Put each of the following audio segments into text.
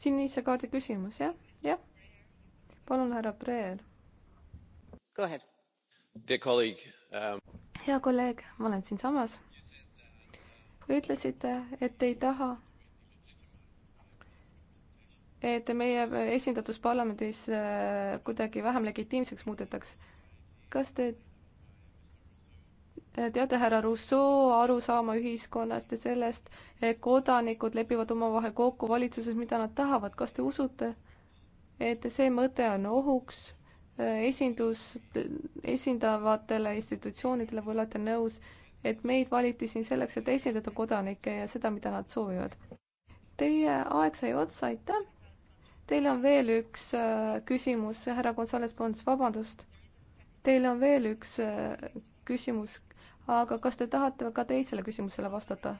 sinise kaardi küsimus, jah, jah. palun, härra Breer. Um, hea kolleeg, ma olen siinsamas. ütlesite, et ei taha, et meie esindatus parlamendis äh, kuidagi vähem legitiimseks muudetakse. kas te Äh, teate, härra Rousseau arusaama ühiskonnast ja sellest, et kodanikud lepivad omavahel kokku valitsuses, mida nad tahavad, kas te usute, et see mõte on ohuks äh, esindus, esindavatele institutsioonidele või olete nõus, et meid valiti siin selleks, et esindada kodanikke ja seda, mida nad soovivad? Teie aeg sai otsa, aitäh! Teil on veel üks äh, küsimus, härra Gonzalez Pons, vabandust. Teil on veel üks küsimus aga kas te tahate ka teisele küsimusele vastata?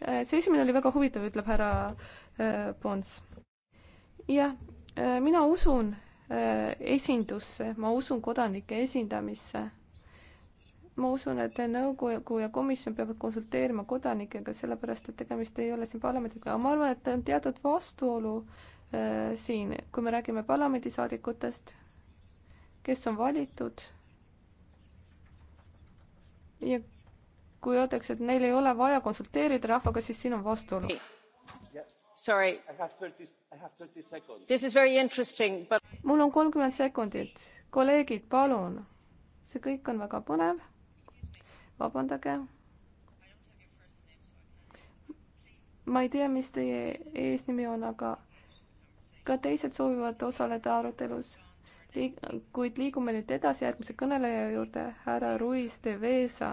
Äh, see esimene oli väga huvitav, ütleb härra äh, Pons. jah, äh, mina usun esindusse, ma usun kodanike esindamisse. ma usun, et nõukogu ja komisjon peavad konsulteerima kodanikega, sellepärast et tegemist ei ole siin parlamendiga, aga ma arvan, et on teatud vastuolu siin, kui me räägime parlamendisaadikutest, kes on valitud ja kui öeldakse, et neil ei ole vaja konsulteerida rahvaga, siis siin on vastuolu. But... mul on kolmkümmend sekundit. kolleegid, palun. see kõik on väga põnev. vabandage. ma ei tea, mis teie eesnimi on, aga ka teised soovivad osaleda arutelus liig-, kuid liigume nüüd edasi järgmise kõneleja juurde, härra Ruiz de Vesa,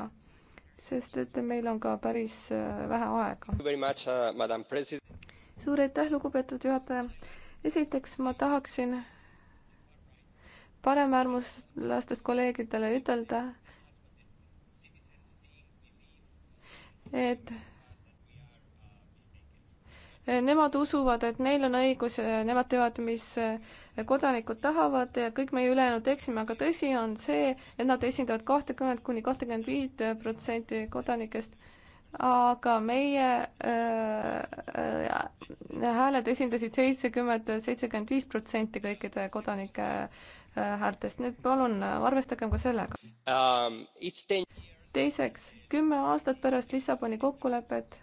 sest et meil on ka päris äh, vähe aega. Uh, suur aitäh, lugupeetud juhataja. esiteks ma tahaksin paremäärmuslastest kolleegidele ütelda, et Nemad usuvad, et neil on õigus, nemad teevad, mis kodanikud tahavad ja kõik meie ülejäänud eksime, aga tõsi on see, et nad esindavad kahtekümmet kuni kahtekümmet viit protsenti kodanikest. aga meie äh, äh, hääled esindasid seitsekümmend, seitsekümmend viis protsenti kõikide kodanike äh, häältest, nii et palun arvestagem ka sellega um,. teiseks, kümme aastat pärast Lissaboni kokkulepet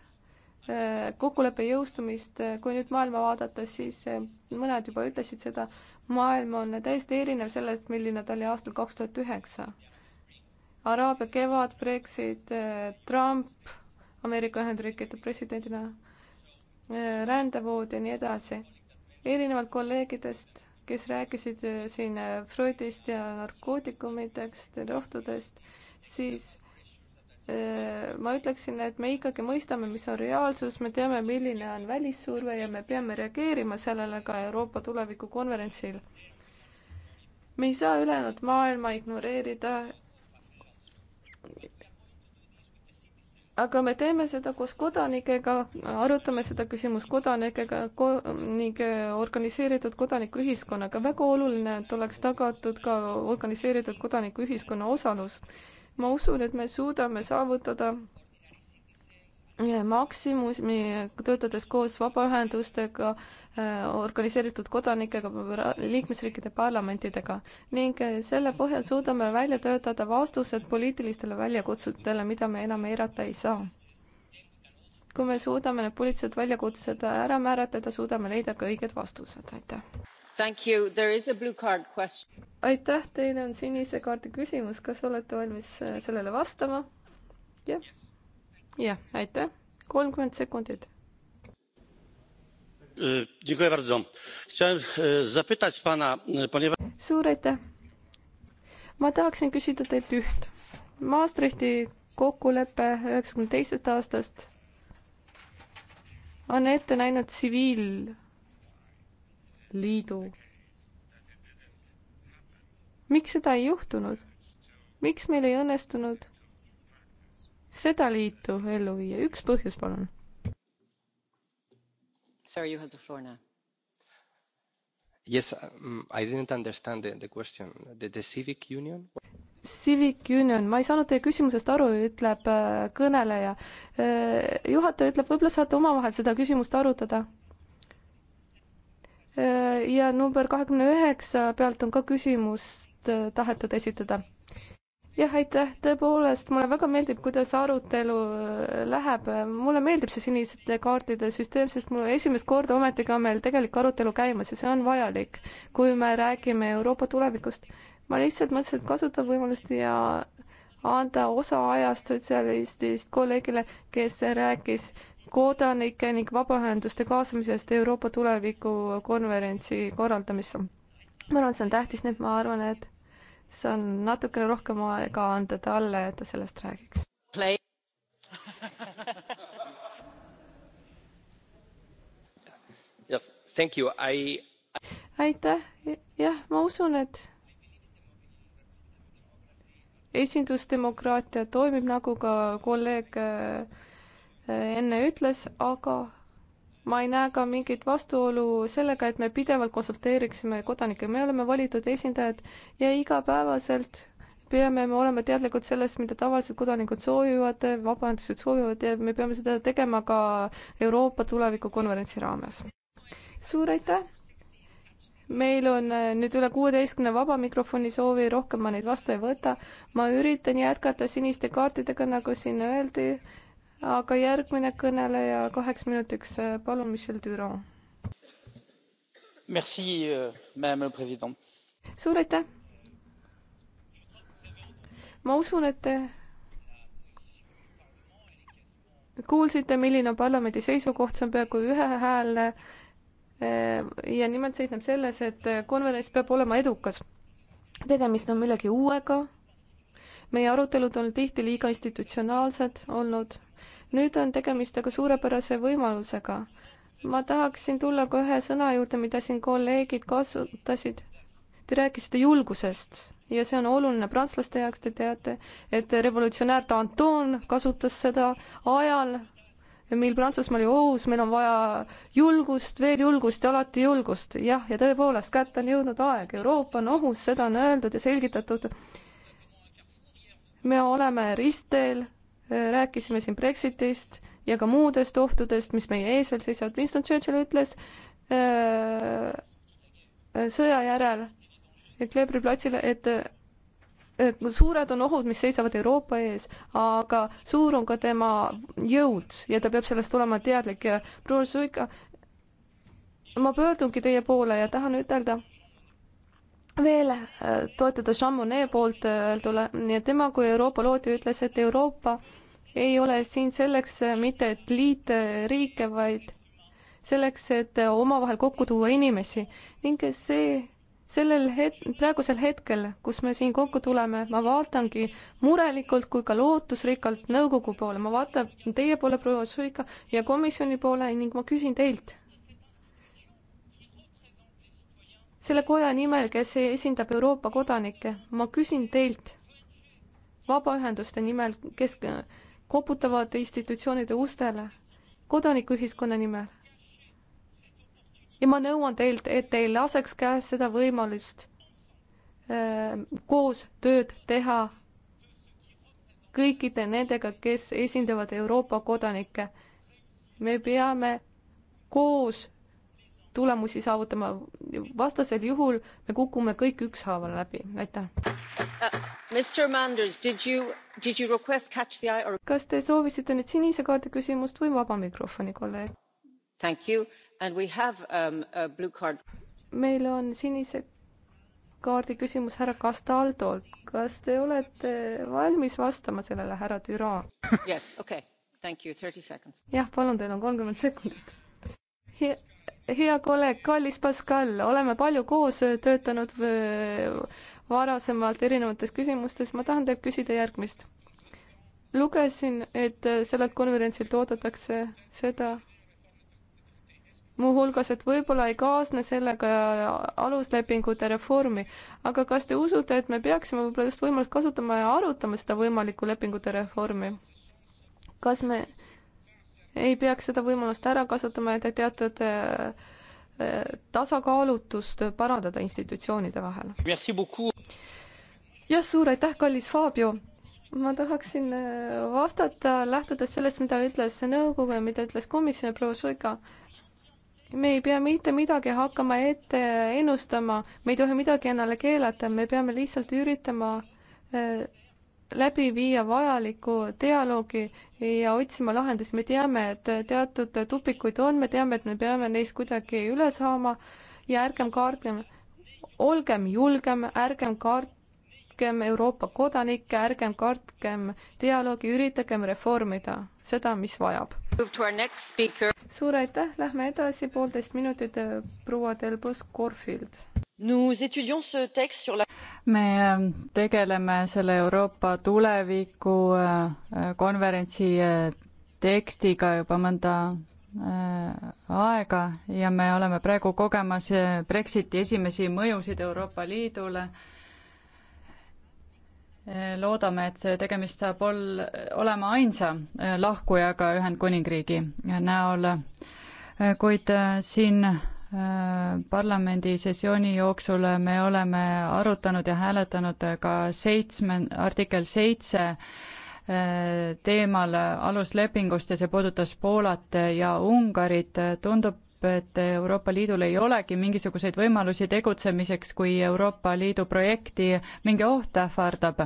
Äh, kokkuleppe jõustumist, äh, kui nüüd maailma vaadata, siis äh, mõned juba ütlesid seda, maailm on täiesti erinev sellest, milline ta oli aastal kaks tuhat üheksa. Araabia kevad, Brexit, Trump Ameerika Ühendriikide presidendina, rändevood ja nii edasi. erinevalt kolleegidest, kes rääkisid siin Freudist ja narkootikumidest, rohtudest, siis Äh, ma ütleksin, et me ikkagi mõistame, mis on reaalsus, me teame, milline on välissurve ja me peame reageerima sellele ka Euroopa tulevikukonverentsil. me ei saa ülejäänud maailma ignoreerida. aga me teeme seda koos kodanikega, arutame seda küsimust kodanikega ko ning äh, organiseeritud kodanikuühiskonnaga. väga oluline, et oleks tagatud ka organiseeritud kodanikuühiskonna osalus ma usun, et me suudame saavutada eh, maksimumi, töötades koos vabaühendustega, eh, organiseeritud kodanikega, liikmesriikide parlamentidega ning eh, selle põhjal suudame välja töötada vastused poliitilistele väljakutsetele, mida me enam eirata ei saa. kui me suudame need poliitilised väljakutsed ära määratleda, suudame leida ka õiged vastused, aitäh aitäh, teile on sinise kaardi küsimus, kas olete valmis äh, sellele vastama? jah. jah, aitäh, kolmkümmend sekundit. Äh, e, e, suur aitäh. ma tahaksin küsida teilt üht. Maastrichti kokkulepe üheksakümne teisest aastast on ette näinud tsiviil Liidu. miks seda ei juhtunud? miks meil ei õnnestunud seda liitu ellu viia, üks põhjus, palun. Sorry, you have the floor now. Yes, um, I didn't understand the, the question. The, the civic union? Civic Union, ma ei saanud teie küsimusest aru, ütleb äh, kõneleja. Äh, juhataja ütleb, võib-olla saate omavahel seda küsimust arutada Äh, ja number kahekümne üheksa pealt on ka küsimust äh, tahetud esitada. jah, aitäh, tõepoolest, mulle väga meeldib, kuidas arutelu äh, läheb, mulle meeldib see siniste kaartide süsteem, sest mul esimest korda ometigi on meil tegelik arutelu käimas ja see on vajalik, kui me räägime Euroopa tulevikust. ma lihtsalt mõtlesin, et kasutan võimalust ja anda osa ajast sotsialistist kolleegile, kes rääkis kodanike ning vabaühenduste kaasamisest Euroopa tuleviku konverentsi korraldamisse. ma arvan, et see on tähtis, nii et ma arvan, et saan natukene rohkem aega anda talle, et ta sellest räägiks. I... aitäh, jah, ma usun, et esindusdemokraatia toimib, nagu ka kolleeg äh, enne ütles, aga ma ei näe ka mingit vastuolu sellega, et me pidevalt konsulteeriksime kodanikke, me oleme valitud esindajad ja igapäevaselt peame me olema teadlikud sellest, mida tavaliselt kodanikud soovivad, vabaühendused soovivad ja me peame seda tegema ka Euroopa tulevikukonverentsi raames. suur aitäh! meil on äh, nüüd üle kuueteistkümne vaba mikrofoni soovi, rohkem ma neid vastu ei võta. ma üritan jätkata siniste kaartidega, nagu siin öeldi aga järgmine kõneleja kaheks minutiks, äh, palun, Michel Düran. Merci, euh, madame la president. suur aitäh. ma usun, et te kuulsite, milline on parlamendi seisukoht, see on peaaegu ühehäälne. Äh, ja nimelt seisneb selles, et konverents peab olema edukas. tegemist on millegi uuega. meie arutelud on tihti liiga institutsionaalsed olnud nüüd on tegemist aga suurepärase võimalusega. ma tahaksin tulla ka ühe sõna juurde, mida siin kolleegid kasutasid. Te rääkisite julgusest ja see on oluline prantslaste jaoks, te teate, et revolutsionäär Danton kasutas seda ajal, mil Prantsusmaa oli ohus, meil on vaja julgust, veel julgust ja alati julgust. jah, ja tõepoolest, kätte on jõudnud aeg, Euroopa on ohus, seda on öeldud ja selgitatud. me oleme ristteel rääkisime siin Brexitist ja ka muudest ohtudest, mis meie ees veel seisavad. Winston Churchill ütles äh, äh, sõja järel Kleebri platsile, et äh, suured on ohud, mis seisavad Euroopa ees, aga suur on ka tema jõud ja ta peab sellest olema teadlik ja proua Suika, ma pöördungi teie poole ja tahan ütelda veel toetuda Jean Monnet poolt öeldule, nii et tema kui Euroopa loodi ütles, et Euroopa äh, ei ole siin selleks eh, mitte, et liita riike, vaid selleks, et eh, omavahel kokku tuua inimesi ning see sellel het-, praegusel hetkel, kus me siin kokku tuleme, ma vaatangi murelikult kui ka lootusrikkalt nõukogu poole, ma vaatan teie poole, proua Suika, ja komisjoni poole ning ma küsin teilt. selle koja nimel, kes esindab Euroopa kodanikke, ma küsin teilt, vabaühenduste nimel, kes koputavad institutsioonide ustele kodanikuühiskonna nimel. ja ma nõuan teilt, et te ei laseks käest seda võimalust öö, ähm, koos tööd teha kõikide nendega, kes esindavad Euroopa kodanikke. me peame koos tulemusi saavutama, vastasel juhul me kukume kõik ükshaaval läbi, aitäh uh,. kas te soovisite nüüd sinise kaardi küsimust või vaba mikrofoni, kolleeg? Um, meil on sinise kaardi küsimus härra Castaldolt. kas te olete valmis vastama sellele, härra Düran? jah, palun, teil on kolmkümmend sekundit hea kolleeg, kallis Pascal, oleme palju koos töötanud äh, varasemalt erinevates küsimustes, ma tahan teilt küsida järgmist. lugesin, et äh, sellelt konverentsilt oodatakse seda, muuhulgas, et võib-olla ei kaasne sellega aluslepingute reformi, aga kas te usute, et me peaksime võib-olla just võimalust kasutama ja arutama seda võimalikku lepingute reformi? kas me äh, ei peaks seda võimalust ära kasutama, et teatud äh, äh, tasakaalutust parandada institutsioonide vahel. jah, suur aitäh, kallis Fabio! ma tahaksin äh, vastata, lähtudes sellest, mida ütles nõukogu ja mida ütles komisjoni proua Šuiga me ei pea mitte midagi hakkama ette ennustama, me ei tohi midagi endale keelata, me peame lihtsalt üritama äh, läbi viia vajaliku dialoogi ja otsima lahendusi, me teame, et teatud tupikuid on, me teame, et me peame neist kuidagi üle saama ja ärgem kaartlem, olgem julgem, ärgem kaart-, kaitskem Euroopa kodanikke, ärgem kartkem dialoogi, üritagem reformida seda, mis vajab. suur aitäh, lähme edasi, poolteist minutit, eh, proua Delbos Corfield. me ähm, tegeleme selle Euroopa tuleviku äh, äh, konverentsi äh, tekstiga juba mõnda aega ja me oleme praegu kogemas Brexiti esimesi mõjusid Euroopa Liidule loodame, et tegemist saab ol-, olema ainsa äh, lahkujaga Ühendkuningriigi näol, äh, kuid äh, siin parlamendi sessiooni jooksul me oleme arutanud ja hääletanud ka seitsme, artikkel seitse teemal aluslepingust ja see puudutas Poolat ja Ungarit, tundub et Euroopa Liidul ei olegi mingisuguseid võimalusi tegutsemiseks, kui Euroopa Liidu projekti mingi oht ähvardab.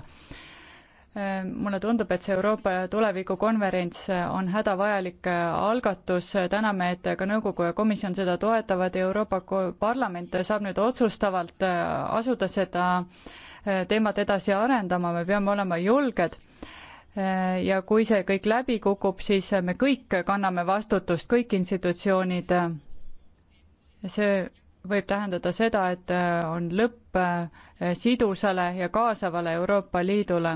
Ehm, mulle tundub, et see Euroopa tulevikukonverents on hädavajalik algatus, täname, et ka nõukogu ja komisjon seda toetavad ja Euroopa Parlament saab nüüd otsustavalt äh, asuda seda äh, teemat edasi arendama, me peame olema julged ehm, ja kui see kõik läbi kukub, siis me kõik kanname vastutust, kõik institutsioonid see võib tähendada seda, et äh, on lõpp äh, sidusale ja kaasavale Euroopa Liidule.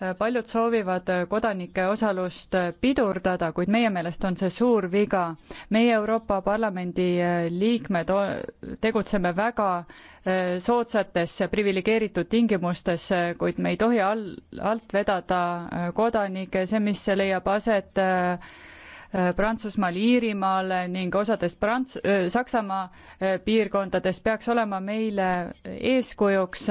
Äh, paljud soovivad kodanike osalust pidurdada, kuid meie meelest on see suur viga. meie Euroopa Parlamendi liikmed tegutseme väga soodsates priviligeeritud tingimustes, kuid me ei tohi all, alt vedada kodanikke, see, mis leiab aset äh, Äh, Prantsusmaal, Iirimaal ning osadest Prants-, äh, Saksamaa äh, piirkondadest peaks olema meile eeskujuks.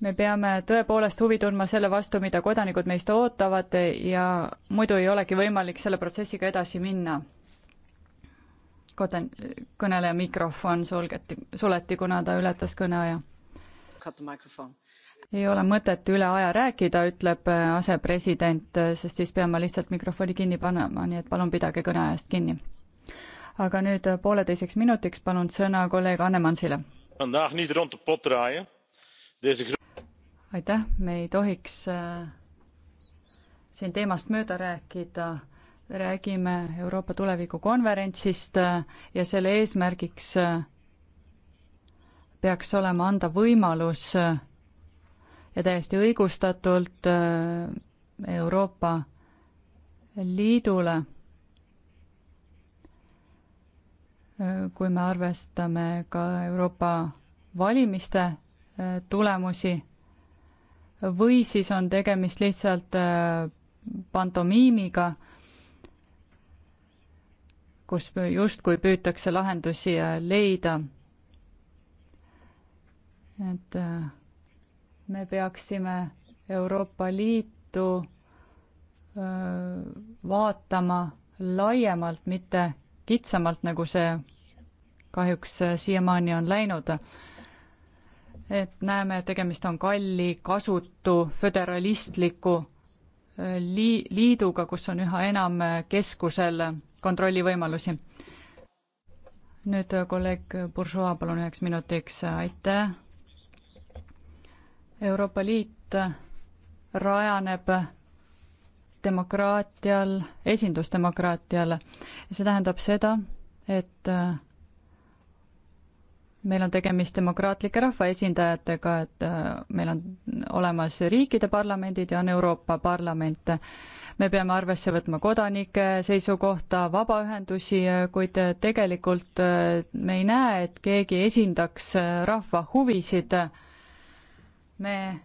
me peame tõepoolest huvi tundma selle vastu, mida kodanikud meist ootavad ja muidu ei olegi võimalik selle protsessiga edasi minna koden-, kõneleja mikrofon sulgeti, suleti, kuna ta ületas kõneaja. Cut the microphone ei ole mõtet üle aja rääkida, ütleb äh, asepresident, äh, sest siis pean ma lihtsalt mikrofoni kinni panema, nii et palun pidage kõneajast kinni. aga nüüd äh, pooleteiseks minutiks palun sõna kolleeg Annemansile. aitäh, me ei tohiks siin teemast mööda rääkida, räägime Euroopa tulevikukonverentsist ja selle eesmärgiks peaks olema anda võimalus ja täiesti õigustatult äh, Euroopa Liidule, äh, kui me arvestame ka Euroopa valimiste äh, tulemusi, või siis on tegemist lihtsalt pantomiimiga, kus justkui püütakse lahendusi leida. et äh, me peaksime Euroopa Liitu vaatama laiemalt, mitte kitsamalt, nagu see kahjuks siiamaani on läinud. et näeme, et tegemist on kalli, kasutu, föderalistliku lii-, liiduga, kus on üha enam keskusel kontrollivõimalusi. nüüd kolleeg Bourgeois, palun üheks minutiks, aitäh Euroopa Liit rajaneb demokraatial, esindusdemokraatial. see tähendab seda, et äh, meil on tegemist demokraatlike rahvaesindajatega, et äh, meil on olemas riikide parlamendid ja on Euroopa Parlament. me peame arvesse võtma kodanike seisukohta, vabaühendusi, kuid tegelikult äh, me ei näe, et keegi esindaks rahva huvisid me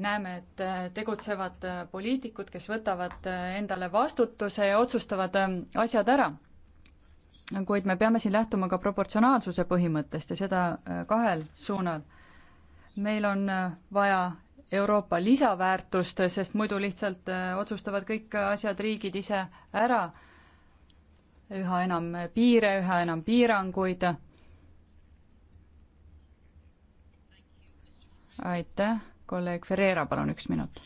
näeme, et tegutsevad poliitikud, kes võtavad endale vastutuse ja otsustavad ähm, asjad ära. kuid me peame siin lähtuma ka proportsionaalsuse põhimõttest ja seda äh, kahel suunal. meil on äh, vaja Euroopa lisaväärtust, sest muidu lihtsalt äh, otsustavad kõik asjad riigid ise ära, üha enam piire, üha enam piiranguid aitäh, kolleeg Ferreira, palun üks minut.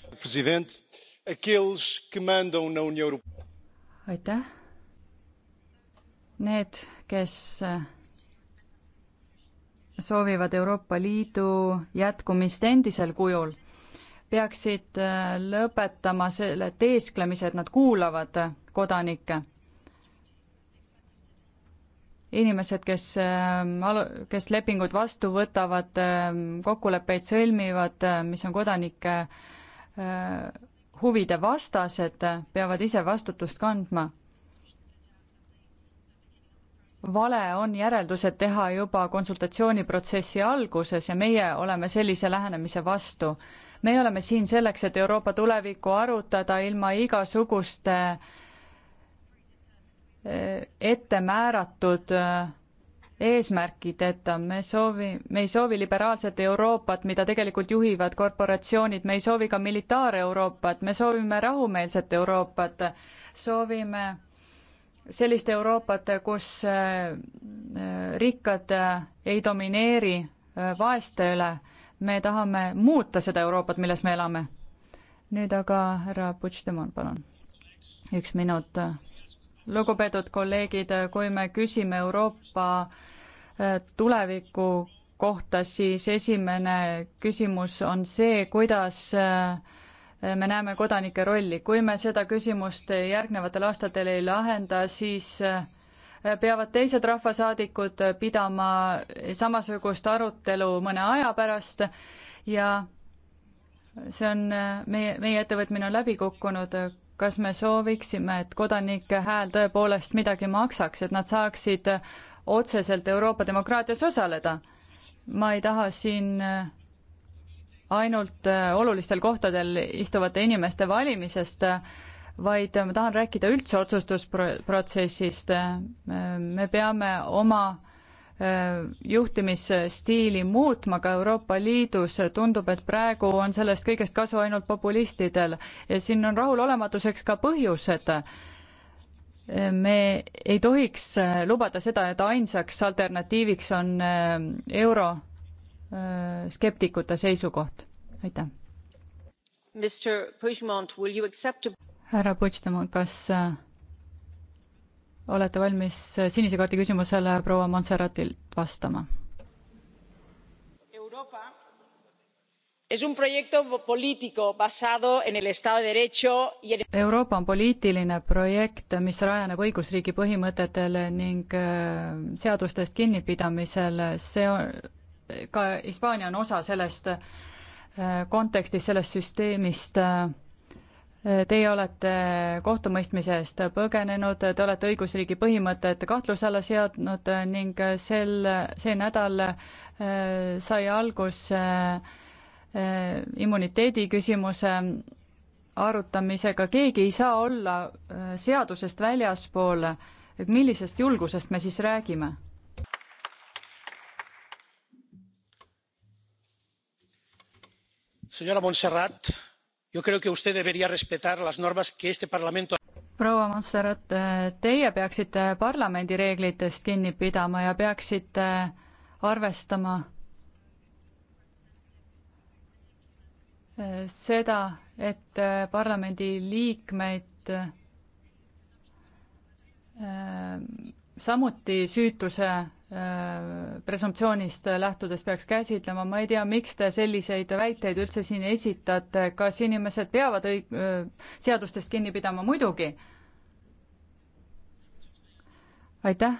aitäh. Need, kes äh, soovivad Euroopa Liidu jätkumist endisel kujul, peaksid äh, lõpetama selle teesklemise, et nad kuulavad äh, kodanikke inimesed, kes ähm, alu-, kes lepingud vastu võtavad, ähm, kokkuleppeid sõlmivad, äh, mis on kodanike äh, huvide vastased, äh, peavad ise vastutust kandma. vale on järeldused teha juba konsultatsiooniprotsessi alguses ja meie oleme sellise lähenemise vastu. meie oleme siin selleks, et Euroopa tulevikku arutada ilma igasuguste äh, ette määratud äh, eesmärkideta, me soovi, me ei soovi liberaalset Euroopat, mida tegelikult juhivad korporatsioonid, me ei soovi ka militaar-Euroopat, me soovime rahumeelset Euroopat, soovime sellist Euroopat, kus äh, rikkad äh, ei domineeri vaeste üle, me tahame muuta seda Euroopat, milles me elame. nüüd aga härra Puigdemont, palun. üks minut lugupeetud kolleegid, kui me küsime Euroopa äh, tuleviku kohta, siis esimene küsimus on see, kuidas äh, me näeme kodanike rolli. kui me seda küsimust järgnevatel aastatel ei lahenda, siis äh, peavad teised rahvasaadikud pidama samasugust arutelu mõne aja pärast ja see on, meie, meie ettevõtmine on läbi kukkunud, kas me sooviksime, et kodanike hääl tõepoolest midagi maksaks, et nad saaksid otseselt Euroopa demokraatias osaleda? ma ei taha siin äh, ainult äh, olulistel kohtadel istuvate inimeste valimisest, äh, vaid ma tahan rääkida üldse otsustusprotsessist. me peame oma Äh, juhtimisstiili muutma ka Euroopa Liidus, tundub, et praegu on sellest kõigest kasu ainult populistidel ja siin on rahulolematuseks ka põhjused. Äh, me ei tohiks äh, lubada seda, et ainsaks alternatiiviks on euro skeptikute seisukoht, aitäh. härra Puigdemont, kas olete valmis sinise kaardi küsimusele proua Montserratilt vastama? Euroopa on poliitiline projekt, mis rajaneb õigusriigi põhimõtetel ning äh, seadustest kinnipidamisel, see on, ka Hispaania on osa sellest äh, kontekstist, sellest süsteemist äh, Teie olete kohtumõistmise eest põgenenud, te olete õigusriigi põhimõtted kahtluse alla seadnud ning sel, see nädal äh, sai alguse äh, immuniteedi küsimuse arutamisega, keegi ei saa olla äh, seadusest väljaspool, et millisest julgusest me siis räägime? Señora Montserrat yo creo que usted debería respetar las normas que este parlamento proua Montserrat, teie peaksite parlamendi reeglitest kinni pidama ja peaksite arvestama seda, et parlamendi liikmeid eh, samuti süütuse Äh, presumptsioonist lähtudes peaks käsitlema, ma ei tea, miks te selliseid väiteid üldse siin esitate, kas inimesed peavad õig-, äh, seadustest kinni pidama, muidugi. aitäh,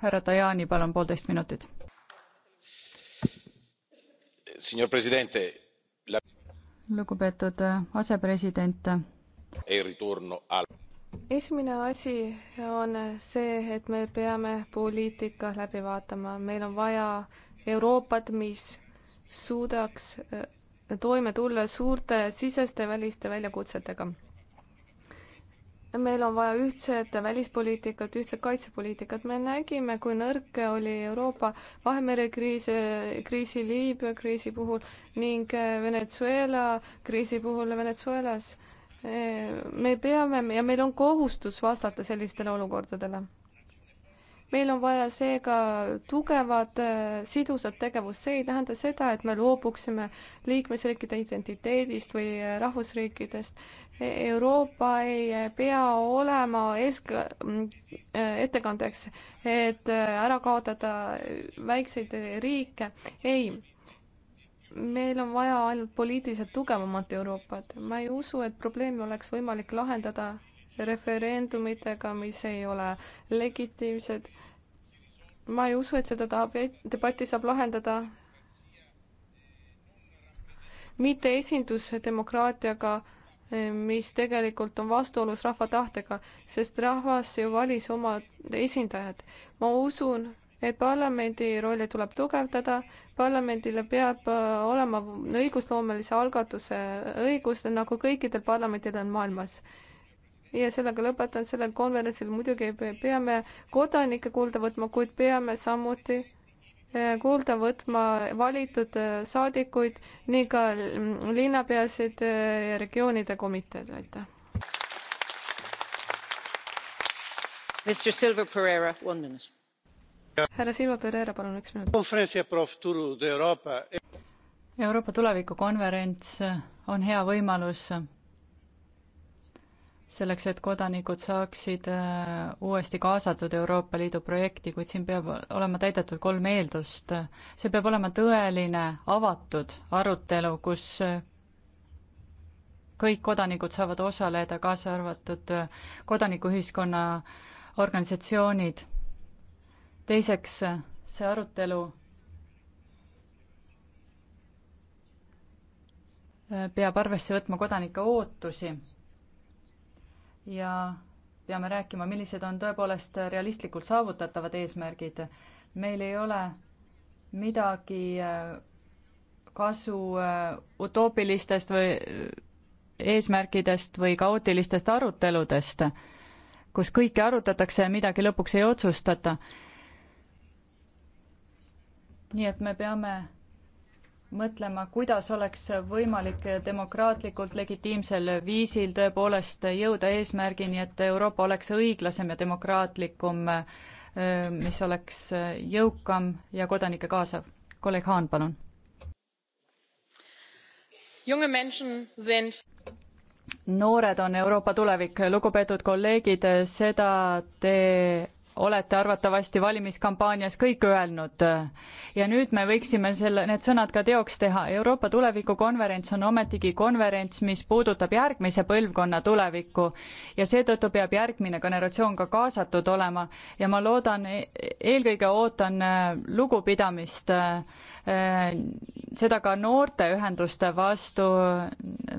härra Tajani, palun poolteist minutit. lugupeetud äh, asepresident. E esimene asi on see, et me peame poliitika läbi vaatama, meil on vaja Euroopat, mis suudaks äh, toime tulla suurte siseste väliste väljakutsetega. meil on vaja ühtset välispoliitikat, ühtset kaitsepoliitikat, me nägime, kui nõrk oli Euroopa Vahemere kriis, äh, kriisi Liibüa kriisi puhul ning äh, Venezuela kriisi puhul Venezuelas me peame ja meil on kohustus vastata sellistele olukordadele. meil on vaja seega tugevat äh, sidusat tegevust, see ei tähenda seda, et me loobuksime liikmesriikide identiteedist või äh, rahvusriikidest. E, Euroopa ei äh, pea olema eesk-, mm, ettekandeks, et ära kaotada väikseid riike, ei meil on vaja ainult poliitiliselt tugevamat Euroopat. ma ei usu, et probleemi oleks võimalik lahendada referendumitega, mis ei ole legitiimsed. ma ei usu, et seda debatti saab lahendada mitte esindusdemokraatiaga, mis tegelikult on vastuolus rahva tahtega, sest rahvas ju valis oma esindajad. ma usun, et parlamendi rolli tuleb tugevdada, parlamendile peab äh, olema õigusloomelise algatuse õigus, nagu kõikidel parlamentidel maailmas. ja sellega lõpetan, sellel konverentsil muidugi peame kodanikke kuulda võtma, kuid peame samuti äh, kuulda võtma valitud äh, saadikuid, nii ka mm, linnapeasid ja regioonide komiteed, aitäh. Mr Silva Pereira, one minute härra Silva Pereira, palun üks minut. E- Euroopa tulevikukonverents on hea võimalus selleks, et kodanikud saaksid äh, uuesti kaasatud Euroopa Liidu projekti, kuid siin peab olema täidetud kolm eeldust. see peab olema tõeline avatud arutelu, kus äh, kõik kodanikud saavad osaleda, kaasa arvatud äh, kodanikuühiskonna organisatsioonid teiseks, see arutelu äh, peab arvesse võtma kodanike ootusi ja peame rääkima, millised on tõepoolest realistlikult saavutatavad eesmärgid. meil ei ole midagi äh, kasu äh, utoopilistest või eesmärkidest või kaootilistest aruteludest, kus kõike arutatakse ja midagi lõpuks ei otsustata nii et me peame mõtlema, kuidas oleks võimalik demokraatlikult legitiimsel viisil tõepoolest jõuda eesmärgini, et Euroopa oleks õiglasem ja demokraatlikum, mis oleks jõukam ja kodanikke kaasav. kolleeg Haan, palun. noored on Euroopa tulevik, lugupeetud kolleegid, seda te olete arvatavasti valimiskampaanias kõik öelnud. ja nüüd me võiksime selle, need sõnad ka teoks teha. Euroopa tulevikukonverents on ometigi konverents, mis puudutab järgmise põlvkonna tulevikku ja seetõttu peab järgmine generatsioon ka kaasatud olema ja ma loodan, e-, eelkõige ootan äh, lugupidamist äh, Äh, seda ka noorteühenduste vastu.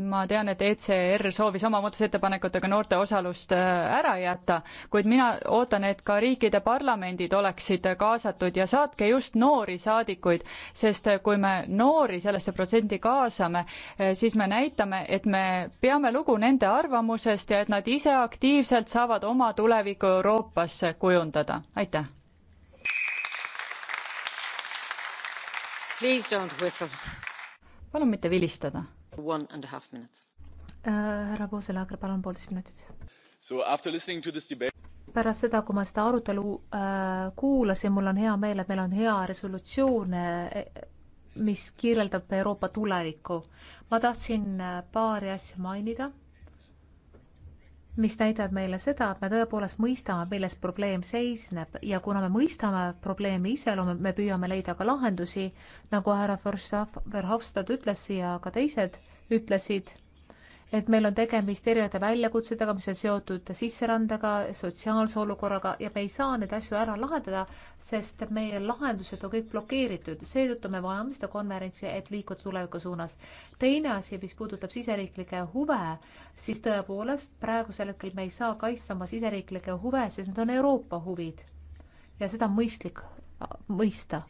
ma tean, et ECR soovis oma muudatusettepanekutega noorte osalust äh, ära jätta, kuid mina ootan, et ka riikide parlamendid oleksid kaasatud ja saatke just noori saadikuid, sest äh, kui me noori sellesse protsenti kaasame, siis me näitame, et me peame lugu nende arvamusest ja et nad ise aktiivselt saavad oma tulevikku Euroopasse kujundada. aitäh! palun mitte vilistada. Äh, härra Puuselaager, palun poolteist minutit. pärast seda, kui ma seda arutelu äh, kuulasin, mul on hea meel, et meil on hea resolutsioon äh,, mis kirjeldab Euroopa tulevikku. ma tahtsin äh, paari asja mainida mis näitavad meile seda, et me tõepoolest mõistame, milles probleem seisneb ja kuna me mõistame probleemi iseloomu, me püüame leida ka lahendusi, nagu härra Verhofstadt ütles ja ka teised ütlesid et meil on tegemist erinevate väljakutsedega, mis on seotud sisserändega, sotsiaalse olukorraga ja me ei saa neid asju ära lahendada, sest meie lahendused on kõik blokeeritud, seetõttu me vajame seda konverentsi, et liikuda tuleviku suunas. teine asi, mis puudutab siseriiklikke huve, siis tõepoolest praegusel hetkel me ei saa kaitsta oma siseriiklikke huve, sest need on Euroopa huvid ja seda on mõistlik äh, mõista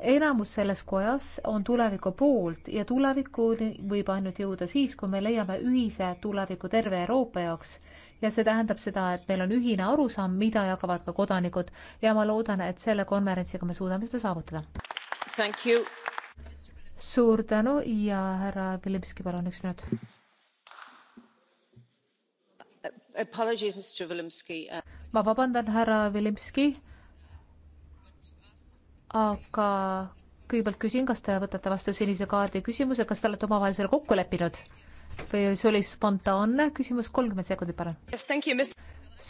enamus selles kojas on tuleviku poolt ja tulevikuni võib ainult jõuda siis, kui me leiame ühise tuleviku terve Euroopa jaoks. ja see tähendab seda, et meil on ühine arusaam, mida jagavad ka kodanikud ja ma loodan, et selle konverentsiga me suudame seda saavutada. suur tänu ja härra Vilimski, palun üks minut. ma vabandan, härra Vilimski aga kõigepealt küsin, kas te võtate vastu sinise kaardi küsimuse, kas te olete omavahel selle kokku leppinud? või see oli spontaanne küsimus, kolmkümmend sekundit, palun yes,.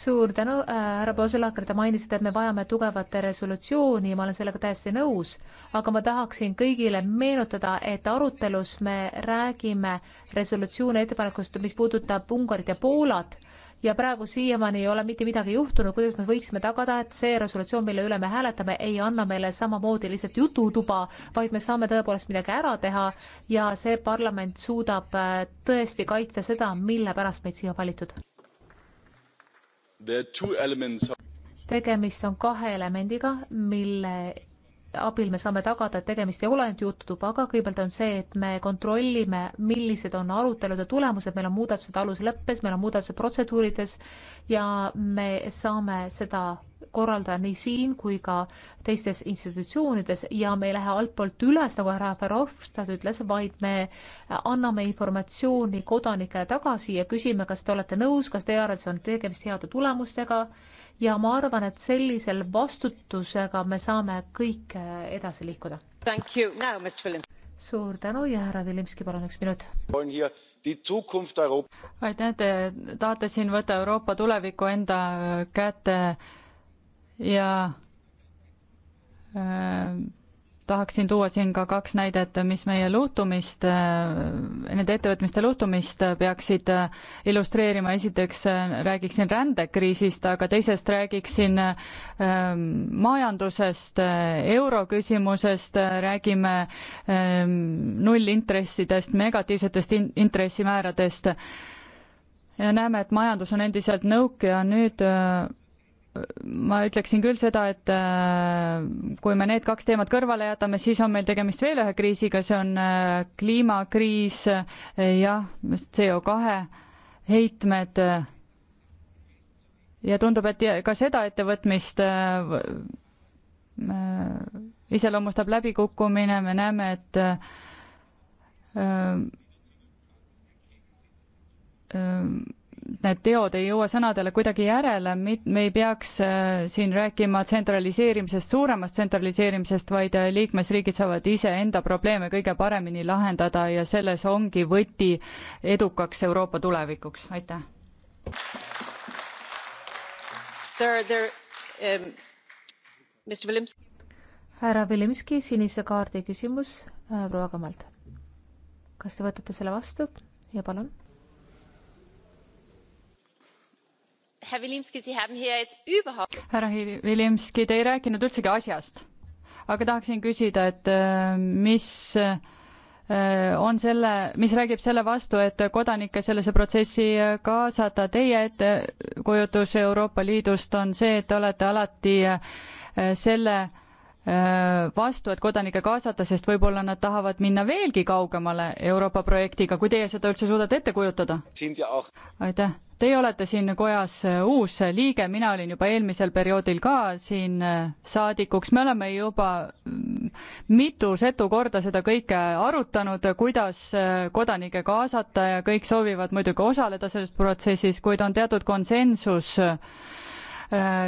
suur tänu äh,, härra Pooselaker, te mainisite, et me vajame tugevat resolutsiooni ja ma olen sellega täiesti nõus, aga ma tahaksin kõigile meenutada, et arutelus me räägime resolutsiooni ettepanekust, mis puudutab Ungarit ja Poolat ja praegu siiamaani ei ole mitte midagi juhtunud, kuidas me võiksime tagada, et see resolutsioon, mille üle me hääletame, ei anna meile samamoodi lihtsalt jututuba, vaid me saame tõepoolest midagi ära teha ja see parlament suudab äh, tõesti kaitsta seda, mille pärast meid siia valitud. tegemist on kahe elemendiga, mille abil me saame tagada, et tegemist ei ole ainult jututubaga, kõigepealt on see, et me kontrollime, millised on arutelude tulemused, meil on muudatused alusleppes, meil on muudatused protseduurides ja me saame seda korraldada nii siin kui ka teistes institutsioonides ja me ei lähe altpoolt üles, nagu härra Verhofstadt ütles, vaid me anname informatsiooni kodanikele tagasi ja küsime, kas te olete nõus, kas teie arvates on tegemist heade tulemustega ja ma arvan, et sellisel vastutusega me saame kõik äh, edasi liikuda. suur tänu ja härra Vilimski, palun üks minut. aitäh, te tahate siin võtta Euroopa tuleviku enda äh, kätte ja äh, tahaksin tuua siin ka kaks näidet, mis meie luhtumist, nende ettevõtmiste luhtumist peaksid illustreerima, esiteks räägiksin rändekriisist, aga teisest räägiksin ähm, majandusest, euro küsimusest, räägime ähm, nullintressidest, negatiivsetest in-, intressimääradest ja näeme, et majandus on endiselt nõuk ja nüüd äh, ma ütleksin küll seda, et äh, kui me need kaks teemat kõrvale jätame, siis on meil tegemist veel ühe kriisiga, see on äh, kliimakriis, äh, jah, CO kahe heitmed. ja tundub, et ka seda ettevõtmist iseloomustab läbikukkumine, me näeme, et need teod ei jõua sõnadele kuidagi järele, me ei peaks äh, siin rääkima tsentraliseerimisest, suuremast tsentraliseerimisest, vaid äh, liikmesriigid saavad iseenda probleeme kõige paremini lahendada ja selles ongi võti edukaks Euroopa tulevikuks, aitäh. Um, härra Vilimski, sinise kaardi küsimus äh, proua Kamalt. kas te võtate selle vastu ja palun? härra Vilimski, te ei rääkinud üldsegi asjast, aga tahaksin küsida, et äh, mis äh, on selle, mis räägib selle vastu, et kodanikke sellesse protsessi äh, kaasata. Teie ettekujutus Euroopa Liidust on see, et te olete alati selle vastu, et kodanikke kaasata, sest võib-olla nad tahavad minna veelgi kaugemale Euroopa projektiga, kui teie seda üldse suudate ette kujutada. aitäh teie olete siin kojas äh, uus liige, mina olin juba eelmisel perioodil ka siin äh, saadikuks, me oleme juba mm, mitu-setu korda seda kõike arutanud, kuidas äh, kodanikke kaasata ja kõik soovivad muidugi osaleda selles protsessis, kuid on teatud konsensus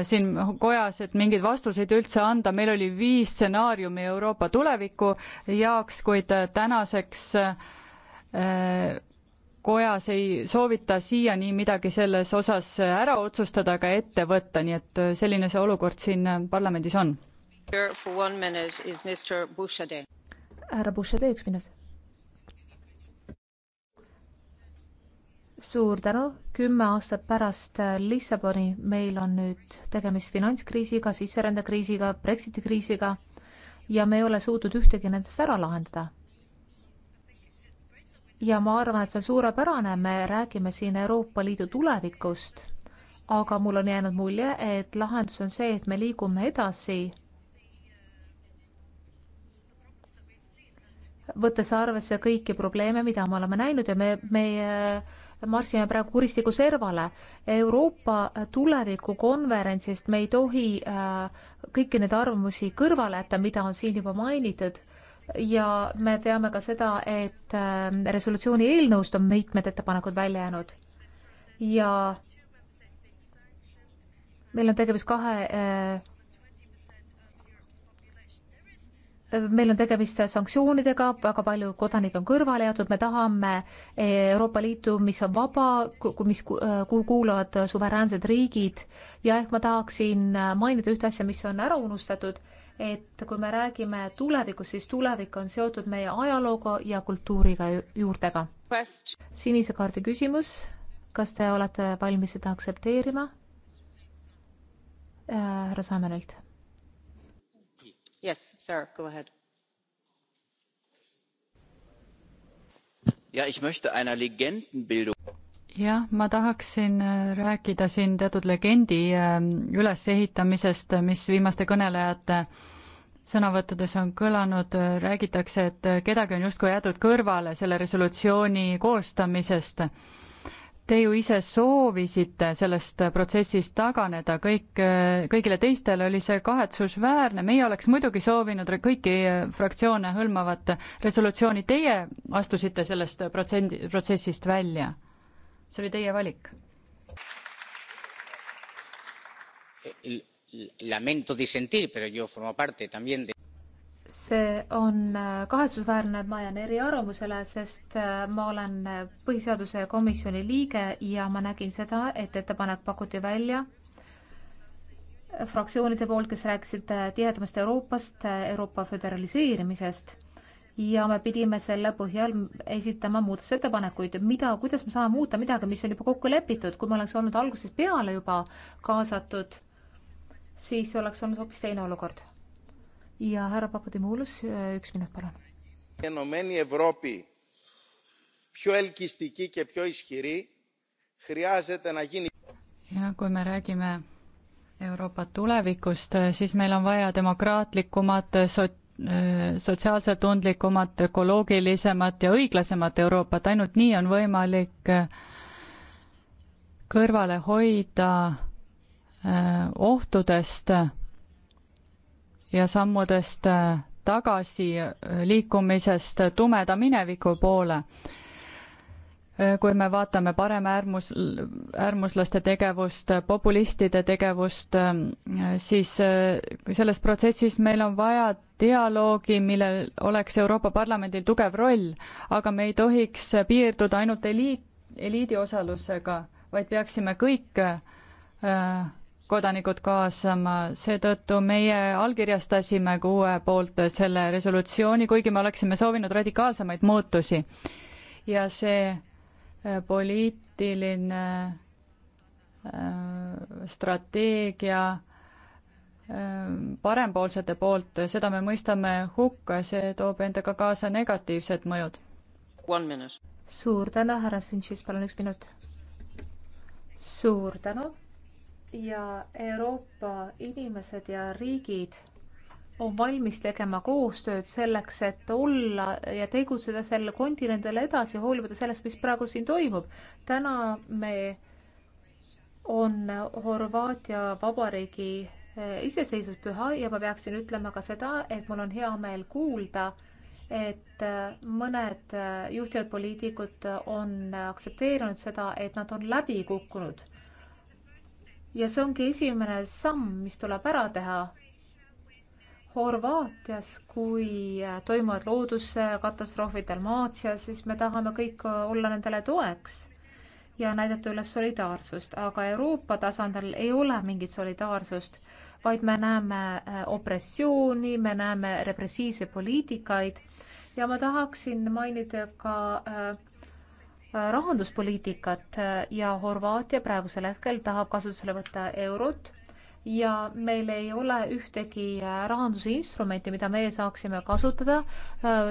siin kojas, et mingeid vastuseid üldse anda, meil oli viis stsenaariumi Euroopa tuleviku jaoks, kuid tänaseks kojas ei soovita siiani midagi selles osas ära otsustada ega ette võtta, nii et äh, selline see olukord siin äh, parlamendis on. härra Bouchardee, üks minut. suur tänu, kümme aastat pärast äh, Lissaboni meil on nüüd tegemist finantskriisiga, sisserändekriisiga, Brexiti kriisiga ja me ei ole suutnud ühtegi nendest ära lahendada ja ma arvan, et see on suurepärane, me räägime siin Euroopa Liidu tulevikust, aga mul on jäänud mulje, et lahendus on see, et me liigume edasi võttes arvesse kõiki probleeme, mida me oleme näinud ja me, meie marsime praegu kuristiku servale. Euroopa tulevikukonverentsist me ei tohi äh, kõiki neid arvamusi kõrvale jätta, mida on siin juba mainitud ja me teame ka seda, et ähm, resolutsiooni eelnõust on mitmed ettepanekud välja jäänud ja meil on tegemist kahe äh, meil on tegemist sanktsioonidega, väga palju kodanikke on kõrvale jäetud, me tahame äh, Euroopa Liitu, mis on vaba, mis, kuhu äh, kuuluvad suveräänsed riigid ja ehk ma tahaksin mainida ühte asja, mis on ära unustatud et kui me räägime tulevikust, siis tulevik on seotud meie ajalooga ja kultuuriga juurtega. sinise kaardi küsimus, kas te olete valmis seda aktsepteerima äh,? härra Saamerilt. Yes, sir, go ahead. ja ich möchte einer Legendenbildung jah, ma tahaksin äh, rääkida siin teatud legendi ähm, ülesehitamisest, äh, mis viimaste kõnelejate sõnavõttudes on kõlanud, äh, räägitakse, et kedagi on justkui jäetud kõrvale selle resolutsiooni koostamisest. Te ju ise soovisite sellest protsessist taganeda, kõik, kõigile teistele oli see kahetsusväärne, meie oleks muidugi soovinud kõiki fraktsioone hõlmavat resolutsiooni, teie astusite sellest protsendi, protsessist välja see oli teie valik. Lamento disentir, pero yo formo parte también de see on äh, kahetsusväärne, et ma jään eriarvamusele, sest äh, ma olen äh, põhiseaduse komisjoni liige ja ma nägin seda, et ettepanek pakuti välja fraktsioonide poolt, kes rääkisid tihedamast Euroopast, Euroopa föderaliseerimisest ja me pidime selle põhjal esitama muudatusettepanekuid, mida, kuidas me saame muuta midagi, mis on juba kokku lepitud, kui me oleks olnud algusest peale juba kaasatud, siis oleks olnud hoopis teine olukord. ja härra Papadimoulis, üks minut, palun. Ennomeni Euroopi, πιο ελκυστική και πιο ισχυρή, χρειάζεται να γίνει. ja kui me räägime Euroopa tulevikust, siis meil on vaja demokraatlikumat sot-, Äh, sotsiaalselt tundlikumat, ökoloogilisemat ja õiglasemat Euroopat, ainult nii on võimalik äh, kõrvale hoida äh, ohtudest ja sammudest tagasi liikumisest tumeda mineviku poole kui me vaatame paremäärmus, äärmuslaste tegevust, populistide tegevust, siis äh, selles protsessis meil on vaja dialoogi, millel oleks Euroopa Parlamendil tugev roll, aga me ei tohiks piirduda ainult eliit, eliidi osalusega, vaid peaksime kõik äh, kodanikud kaasama, seetõttu meie allkirjastasime kuue poolt selle resolutsiooni, kuigi me oleksime soovinud radikaalsemaid muutusi. ja see Äh, poliitiline äh, strateegia äh, parempoolsete poolt, seda me mõistame hukka, see toob endaga kaasa negatiivsed mõjud. suur tänu, härra Sinšis, palun üks minut. suur tänu ja Euroopa inimesed ja riigid on valmis tegema koostööd selleks, et olla ja tegutseda sel kontinendil edasi, hoolimata sellest, mis praegu siin toimub. täna me, on Horvaatia Vabariigi eh, iseseisvuspüha ja ma peaksin ütlema ka seda, et mul on hea meel kuulda, et eh, mõned eh, juhtivad poliitikud on aktsepteerinud seda, et nad on läbi kukkunud. ja see ongi esimene samm, mis tuleb ära teha Horvaatias, kui toimuvad looduskatastroofid Dalmaatias, siis me tahame kõik olla nendele toeks ja näidata üles solidaarsust, aga Euroopa tasandil ei ole mingit solidaarsust, vaid me näeme äh, opressiooni, me näeme repressiivseid poliitikaid ja ma tahaksin mainida ka äh, äh, rahanduspoliitikat ja Horvaatia praegusel hetkel tahab kasutusele võtta eurot ja meil ei ole ühtegi rahanduse instrumenti, mida meie saaksime kasutada äh,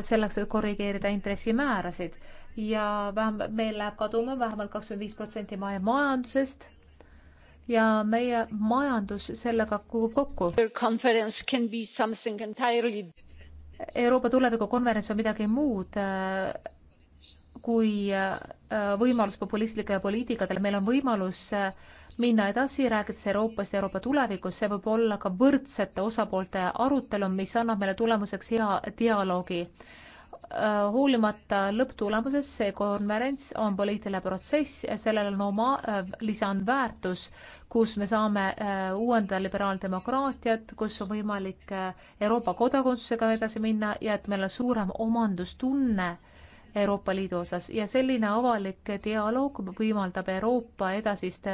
selleks, et korrigeerida intressimäärasid ja vähem, meil läheb kaduma vähemalt kakskümmend viis protsenti meie majandusest ja meie majandus sellega kukub kokku. Euroopa tulevikukonverents on midagi muud äh, kui äh, võimalus populistlikele poliitikatele, meil on võimalus äh, minna edasi, rääkides Euroopast ja Euroopa tulevikust, see võib olla ka võrdsete osapoolte arutelu, mis annab meile tulemuseks hea dialoogi. Äh, hoolimata lõpptulemusest, see konverents on poliitiline protsess ja sellel on oma äh, lisandväärtus, kus me saame äh, uuendada liberaaldemokraatiat, kus on võimalik Euroopa kodakondsusega edasi minna ja et meil on suurem omandustunne Euroopa Liidu osas ja selline avalik dialoog võimaldab Euroopa edasist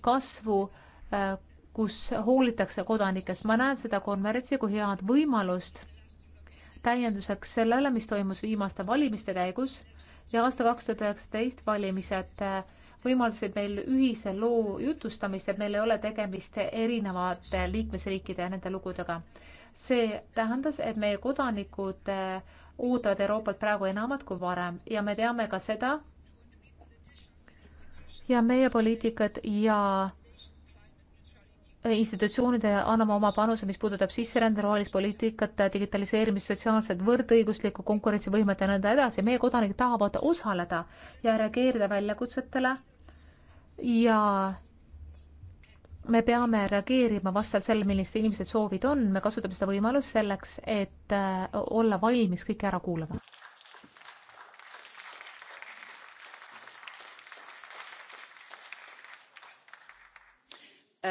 kasvu, äh, kus hoolitakse kodanikest. ma näen seda konverentsi kui head võimalust täienduseks sellele, mis toimus viimaste valimiste käigus ja aasta kaks tuhat üheksateist valimised äh, võimaldasid meil ühise loo jutustamist, et meil ei ole tegemist erinevate liikmesriikide ja nende lugudega. see tähendas, et meie kodanikud äh, ootavad Euroopat praegu enamat kui varem ja me teame ka seda, ja meie poliitikad ja äh, institutsioonide anname oma panuse, mis puudutab sisserände roolist poliitikat, digitaliseerimist, sotsiaalset võrdõiguslikku konkurentsivõimet ja nõnda edasi. meie kodanikud tahavad osaleda ja reageerida väljakutsetele ja me peame reageerima vastavalt sellele, millised inimesed soovid on, me kasutame seda võimalust selleks, et äh, olla valmis kõike ära kuulama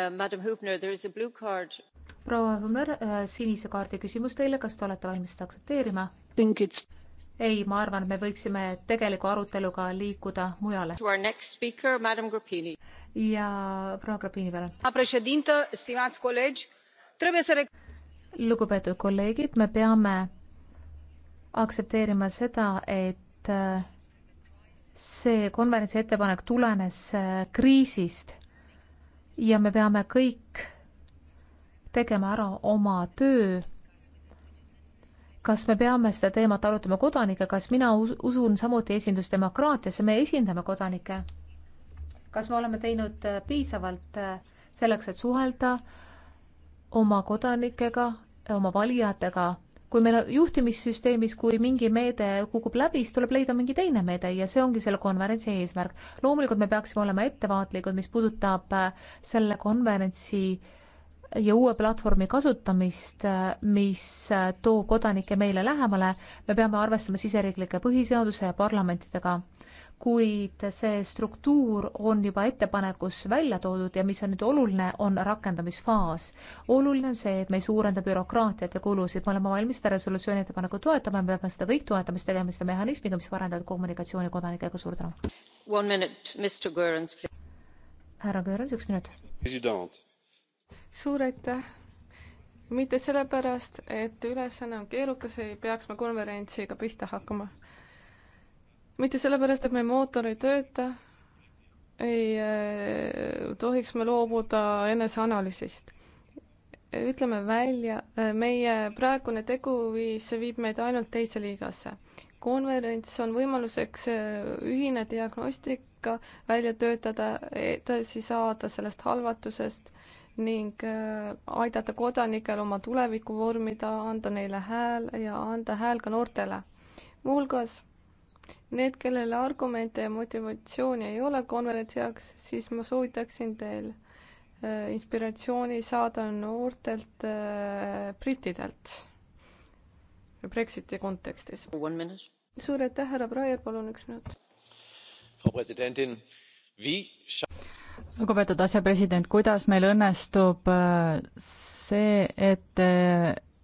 Uh, proua Hübner, uh, sinise kaardi küsimus teile, kas te olete valmis seda aktsepteerima? ei, ma arvan, me võiksime tegeliku aruteluga liikuda mujale. ja proua Grapini, palun. lugupeetud kolleegid, me peame aktsepteerima seda, et uh, see konverentsi ettepanek tulenes kriisist ja me peame kõik tegema ära oma töö. kas me peame seda teemat arutama kodanikega, kas mina usun samuti esindusdemokraatiasse, me esindame kodanikke. kas me oleme teinud äh, piisavalt äh, selleks, et suhelda oma kodanikega, oma valijatega kui meil juhtimissüsteemis, kui mingi meede kukub läbi, siis tuleb leida mingi teine meede ja see ongi selle konverentsi eesmärk. loomulikult me peaksime olema ettevaatlikud, mis puudutab äh, selle konverentsi äh, ja uue platvormi kasutamist, äh, mis toob kodanikke meile lähemale, me peame arvestama siseriiklike põhiseaduse ja parlamentidega kuid see struktuur on juba ettepanekus välja toodud ja mis on nüüd oluline, on rakendamisfaas. oluline on see, et me ei suurenda bürokraatiat ja kulusid, me oleme valmis seda resolutsiooni ettepanekut toetama, me peame seda kõik toetama, siis tegema seda mehhanismiga, mis parandavad kommunikatsiooni kodanikega, suur tänu. härra Göörens, üks minut. suur aitäh mitte sellepärast, et ülesanne on keerukas, ei peaks me konverentsiga pihta hakkama mitte sellepärast, et meie mootor ei tööta, ei äh, tohiks me loobuda eneseanalüüsist. ütleme välja, äh, meie praegune teguviis viib meid ainult teise liigasse. konverents on võimaluseks äh, ühine diagnostika välja töötada, edasi saada sellest halvatusest ning aidata kodanikel oma tulevikku vormida, anda neile hääl ja anda hääl ka noortele. muuhulgas Need, kellel argumente ja motivatsiooni ei ole konverentsi jaoks, siis ma soovitaksin teil äh, inspiratsiooni saada noortelt äh, brittidelt Brexiti kontekstis. suur aitäh, härra Breyer, palun üks minut. lugupeetud asepresident, kuidas meil õnnestub äh, see, et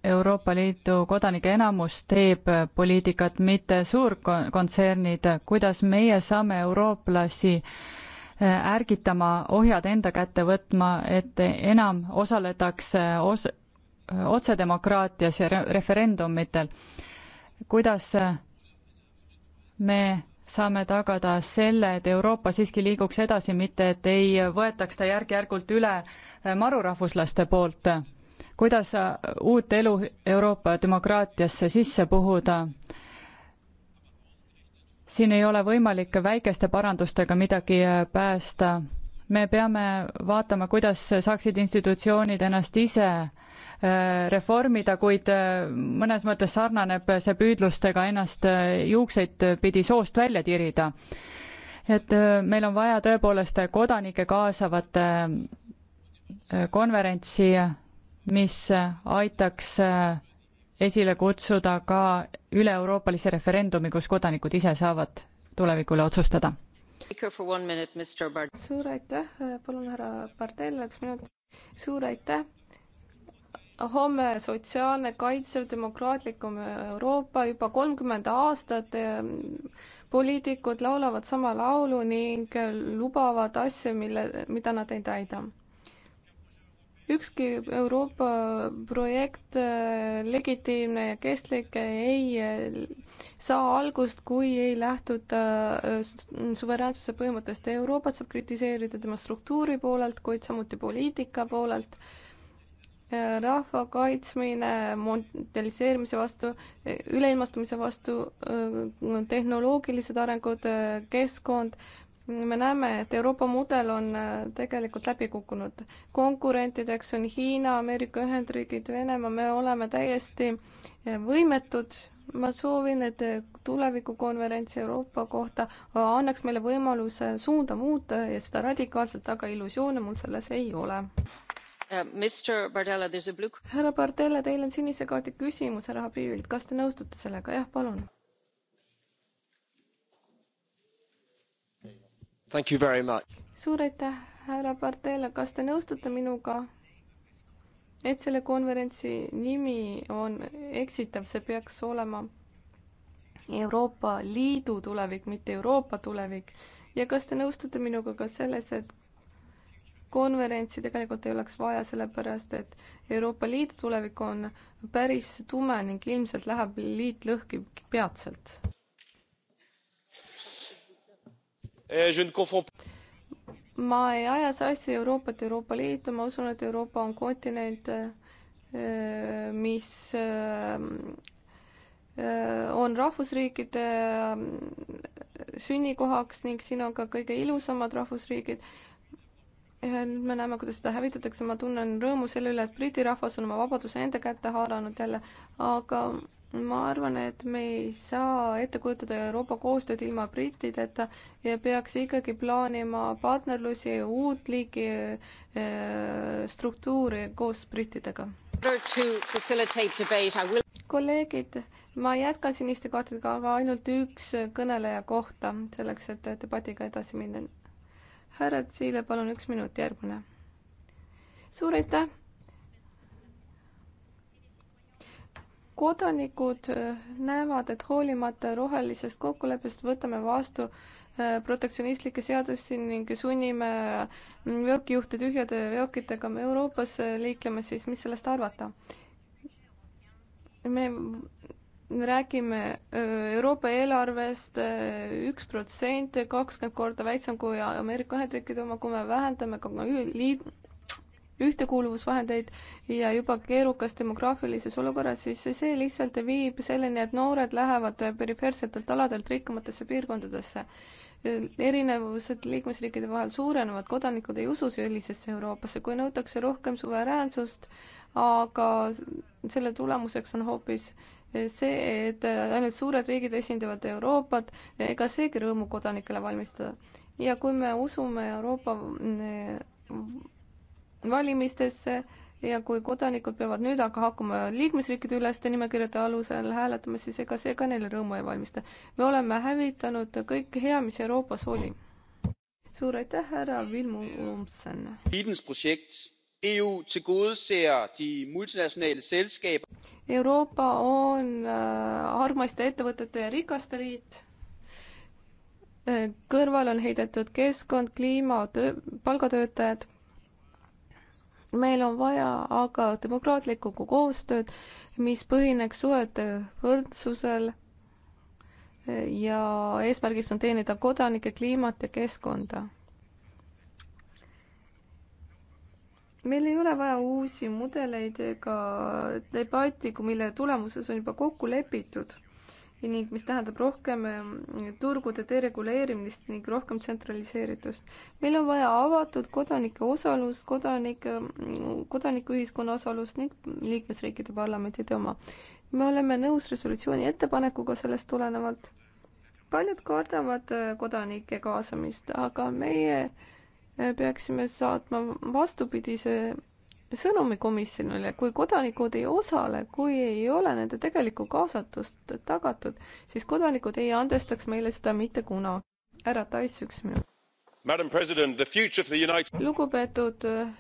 Euroopa Liidu kodanike enamus teeb poliitikat, mitte suurkontsernid, kuidas meie saame eurooplasi äh, ärgitama, ohjad enda kätte võtma, et enam osaletakse os-, otsedemokraatias ja re-, referendumitel. kuidas äh, me saame tagada selle, et Euroopa siiski liiguks edasi, mitte et ei võetaks ta järk-järgult üle äh, marurahvuslaste poolt kuidas äh, uut elu Euroopa demokraatiasse sisse puhuda. siin ei ole võimalik väikeste parandustega midagi äh, päästa. me peame vaatama, kuidas saaksid institutsioonid ennast ise äh, reformida, kuid mõnes mõttes sarnaneb see püüdlustega ennast juukseid pidi soost välja tirida. et meil on vaja tõepoolest kodanike kaasavat konverentsi mis äh, aitaks äh, esile kutsuda ka üle-euroopalise referendumi, kus kodanikud ise saavad tulevikule otsustada. suur aitäh, äh, palun härra Bardell, üks minut. suur aitäh. homme sotsiaalne kaitsev demokraatlikum Euroopa juba kolmkümmend aastat poliitikud laulavad sama laulu ning lubavad asju, mille, mida nad ei täida ükski Euroopa projekt äh, legitiimne ja kestlik ei äh, saa algust, kui ei lähtuta äh, suveräänsuse põhimõttest. Euroopat saab kritiseerida tema struktuuri poolelt, kuid samuti poliitika poolelt. rahva kaitsmine monteliseerimise vastu, üleilmastumise vastu, tehnoloogilised arengud, keskkond me näeme, et Euroopa mudel on äh, tegelikult läbi kukkunud. konkurentideks on Hiina, Ameerika Ühendriigid, Venemaa, me oleme täiesti äh, võimetud. ma soovin, et äh, tulevikukonverents Euroopa kohta annaks meile võimaluse suunda muuta ja seda radikaalselt, aga illusioone mul selles ei ole. Uh, härra Bardella, teil on sinise kaardi küsimus härra Habibilt, kas te nõustute sellega? jah, palun suur aitäh, härra Bartele, kas te nõustute minuga, et selle konverentsi nimi on eksitav, see peaks olema Euroopa Liidu tulevik, mitte Euroopa tulevik. ja kas te nõustute minuga ka selles, et konverentsi tegelikult ei oleks vaja, sellepärast et Euroopa Liidu tulevik on päris tume ning ilmselt läheb liit lõhki peatselt? Eh, ma ei aja sassi Euroopat, Euroopa Liitu, ma usun, et Euroopa on kontinent, eh, mis eh, on rahvusriikide sünnikohaks ning siin on ka kõige ilusamad rahvusriigid. ja nüüd me näeme, kuidas seda hävitatakse, ma tunnen rõõmu selle üle, et Briti rahvas on oma vabaduse enda kätte haaranud jälle, aga ma arvan, et me ei saa ette kujutada Euroopa koostööd ilma brittideta ja peaks ikkagi plaanima partnerlusi, uut liiki eh, struktuuri koos brittidega. kolleegid, ma jätkan siniste kaartidega, aga ainult üks kõneleja kohta, selleks et debatiga edasi minna. härra Tsiile, palun üks minut, järgmine. suur aitäh kodanikud äh, näevad, et hoolimata rohelisest kokkuleppest võtame vastu äh, protektsionistlikke seadusi ning sunnime äh, veokijuhte tühjade veokitega Euroopas liiklema, siis mis sellest arvata? me räägime Euroopa eelarvest üks protsent, kakskümmend korda väiksem kui Ameerika Ühendriikide oma, kui me vähendame ka liit-, ühtekuuluvusvahendeid ja juba keerukas demograafilises olukorras, siis see lihtsalt viib selleni, et noored lähevad perifeersetelt aladelt rikkamatesse piirkondadesse. erinevused liikmesriikide vahel suurenevad, kodanikud ei usu sellisesse Euroopasse, kui nõutakse rohkem suveräänsust, aga selle tulemuseks on hoopis see, et ainult suured riigid esindavad Euroopat, ega seegi rõõmu kodanikele valmistada. ja kui me usume Euroopa valimistesse ja kui kodanikud peavad nüüd aga hakkama liikmesriikide üleste nimekirjade alusel hääletama, siis ega see ka neile rõõmu ei valmista. me oleme hävitanud kõik hea, mis Euroopas oli. suur aitäh, härra Vilmu Umsen. E Euroopa on äh, armaste ettevõtete ja rikaste liit äh, kõrval on heidetud keskkond, kliima, töö, palgatöötajad meil on vaja aga demokraatlikku koostööd, mis põhineks suhete võrdsusel ja eesmärgiks on teenida kodanike kliimat ja keskkonda. meil ei ole vaja uusi mudeleid ega debatti, mille tulemuses on juba kokku lepitud ning mis tähendab rohkem eh, turgude dereguleerimist ning rohkem tsentraliseeritust. meil on vaja avatud kodanike osalust, kodanike, kodanikuühiskonna osalust ning liikmesriikide parlamentide oma. me oleme nõus resolutsiooni ettepanekuga sellest tulenevalt. paljud kardavad eh, kodanike kaasamist, aga meie eh, peaksime saatma vastupidise sõnumi komisjonile, kui kodanikud ei osale, kui ei ole nende tegelikku kaasatust tagatud, siis kodanikud ei andestaks meile seda mitte kunagi. härra Tais, üks minut. United... lugupeetud äh,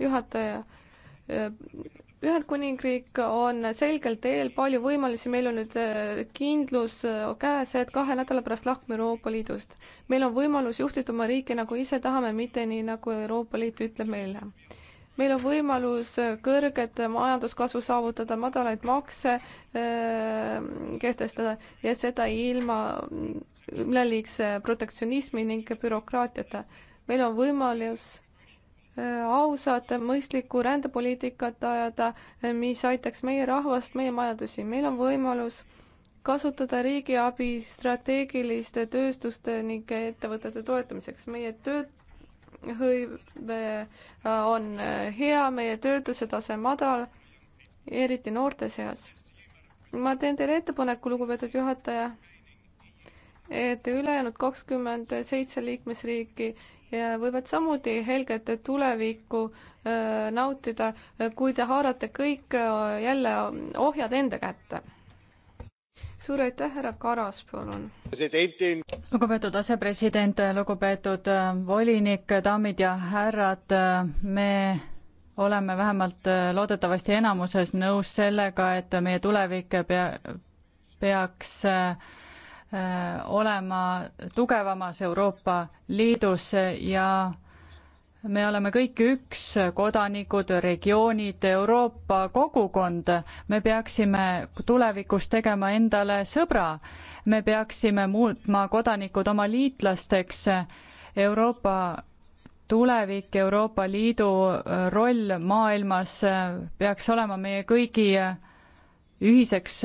juhataja, äh, Ühendkuningriik on selgel teel, palju võimalusi, meil on nüüd äh, kindlus käes, et kahe nädala pärast lahkume Euroopa Liidust. meil on võimalus juhtida oma riiki, nagu ise tahame, mitte nii, nagu Euroopa Liit ütleb meile meil on võimalus kõrget majanduskasvu saavutada, madalaid makse äh, kehtestada ja seda ilma üleliigse protektsionismi ning bürokraatiata. meil on võimalus äh, ausat, mõistlikku rändepoliitikat ajada, äh, mis aitaks meie rahvast, meie majandusi. meil on võimalus kasutada riigiabi strateegiliste tööstuste ning ettevõtete toetamiseks. meie tööd hõive äh, on äh, hea, meie töötuse tase madal, eriti noorte seas. ma teen teile ettepaneku, lugupeetud juhataja, et ülejäänud kakskümmend seitse liikmesriiki ja äh, võivad samuti helget tulevikku nautida, kui te haarate kõik jälle ohjad enda kätte suur aitäh, härra Karas, palun. lugupeetud asepresident, lugupeetud äh, volinik, daamid ja härrad, äh, me oleme vähemalt äh, loodetavasti enamuses nõus sellega, et meie tulevik pea, peaks olema tugevamas Euroopa Liidus ja me oleme kõik üks, kodanikud, regioonid, Euroopa kogukond, me peaksime tulevikus tegema endale sõbra, me peaksime muutma kodanikud oma liitlasteks, Euroopa tulevik, Euroopa Liidu roll maailmas peaks olema meie kõigi ühiseks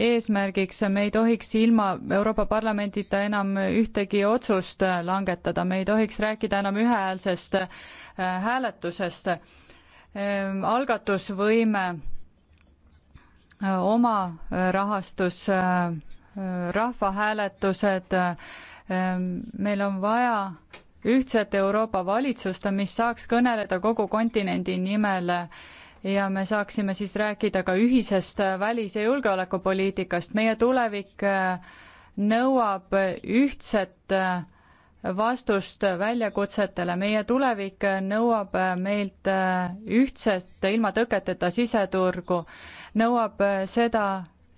eesmärgiks, me ei tohiks ilma Euroopa Parlamendita enam ühtegi otsust langetada, me ei tohiks rääkida enam ühehäälsest äh, hääletusest. Ehm, algatusvõime äh, oma äh, rahastus, rahvahääletused, ehm, meil on vaja ühtset Euroopa valitsust, mis saaks kõneleda kogu kontinendi nimel ja me saaksime siis rääkida ka ühisest välis- ja julgeolekupoliitikast. meie tulevik äh, nõuab ühtset äh, vastust väljakutsetele, meie tulevik nõuab äh, meilt ühtset, ilma tõketeta siseturgu, nõuab seda,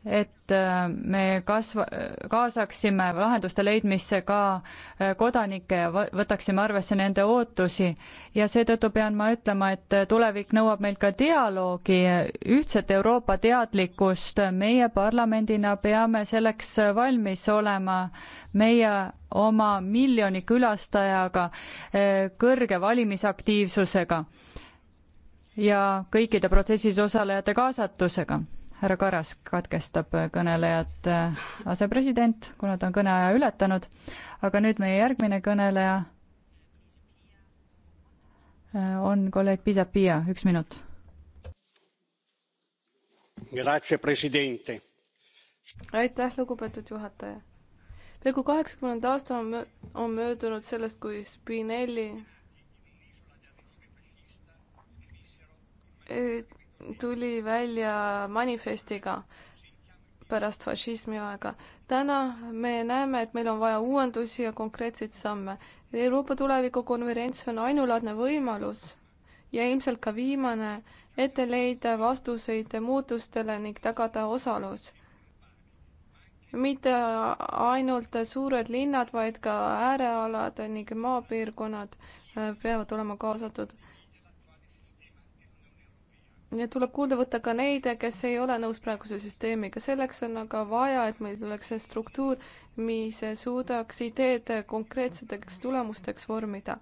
et äh, me kasva-, kaasaksime lahenduste leidmisse ka äh, kodanikke ja võtaksime arvesse nende ootusi. ja seetõttu pean ma ütlema, et äh, tulevik nõuab meilt ka dialoogi, ühtset Euroopa teadlikkust, meie parlamendina peame selleks valmis olema, meie oma miljoni külastajaga, kõrge valimisaktiivsusega ja kõikide protsessis osalejate kaasatusega härra Karas katkestab kõnelejat äh, asepresident, kuna ta on kõneaja ületanud, aga nüüd meie järgmine kõneleja äh, on kolleeg Pisapia, üks minut. aitäh, lugupeetud juhataja. peaaegu kaheksakümmend aasta on, on möödunud sellest, kui Spinelli et tuli välja manifestiga pärast fašismi aega. täna me näeme, et meil on vaja uuendusi ja konkreetseid samme. Euroopa tulevikukonverents on ainulaadne võimalus ja ilmselt ka viimane, ette leida vastuseid muutustele ning tagada osalus. mitte ainult suured linnad, vaid ka äärealad ning maapiirkonnad äh, peavad olema kaasatud ja tuleb kuulda võtta ka neid, kes ei ole nõus praeguse süsteemiga, selleks on aga vaja, et meil oleks see struktuur, mis suudaks ideed konkreetseteks tulemusteks vormida.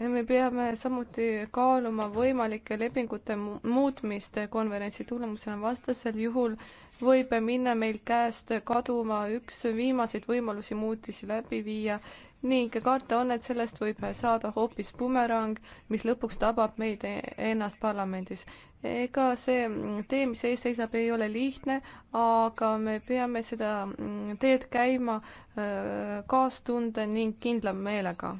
me peame samuti kaaluma võimalike lepingute muutmist konverentsi tulemusena, vastasel juhul võib minna meil käest kaduma üks viimaseid võimalusi muutusi läbi viia ning karta on, et sellest võib saada hoopis bumerang, mis lõpuks tabab meid e-, ennast parlamendis. ega see mm, tee, mis ees seisab, ei ole lihtne, aga me peame seda mm, teed käima äh, kaastunde ning kindla meelega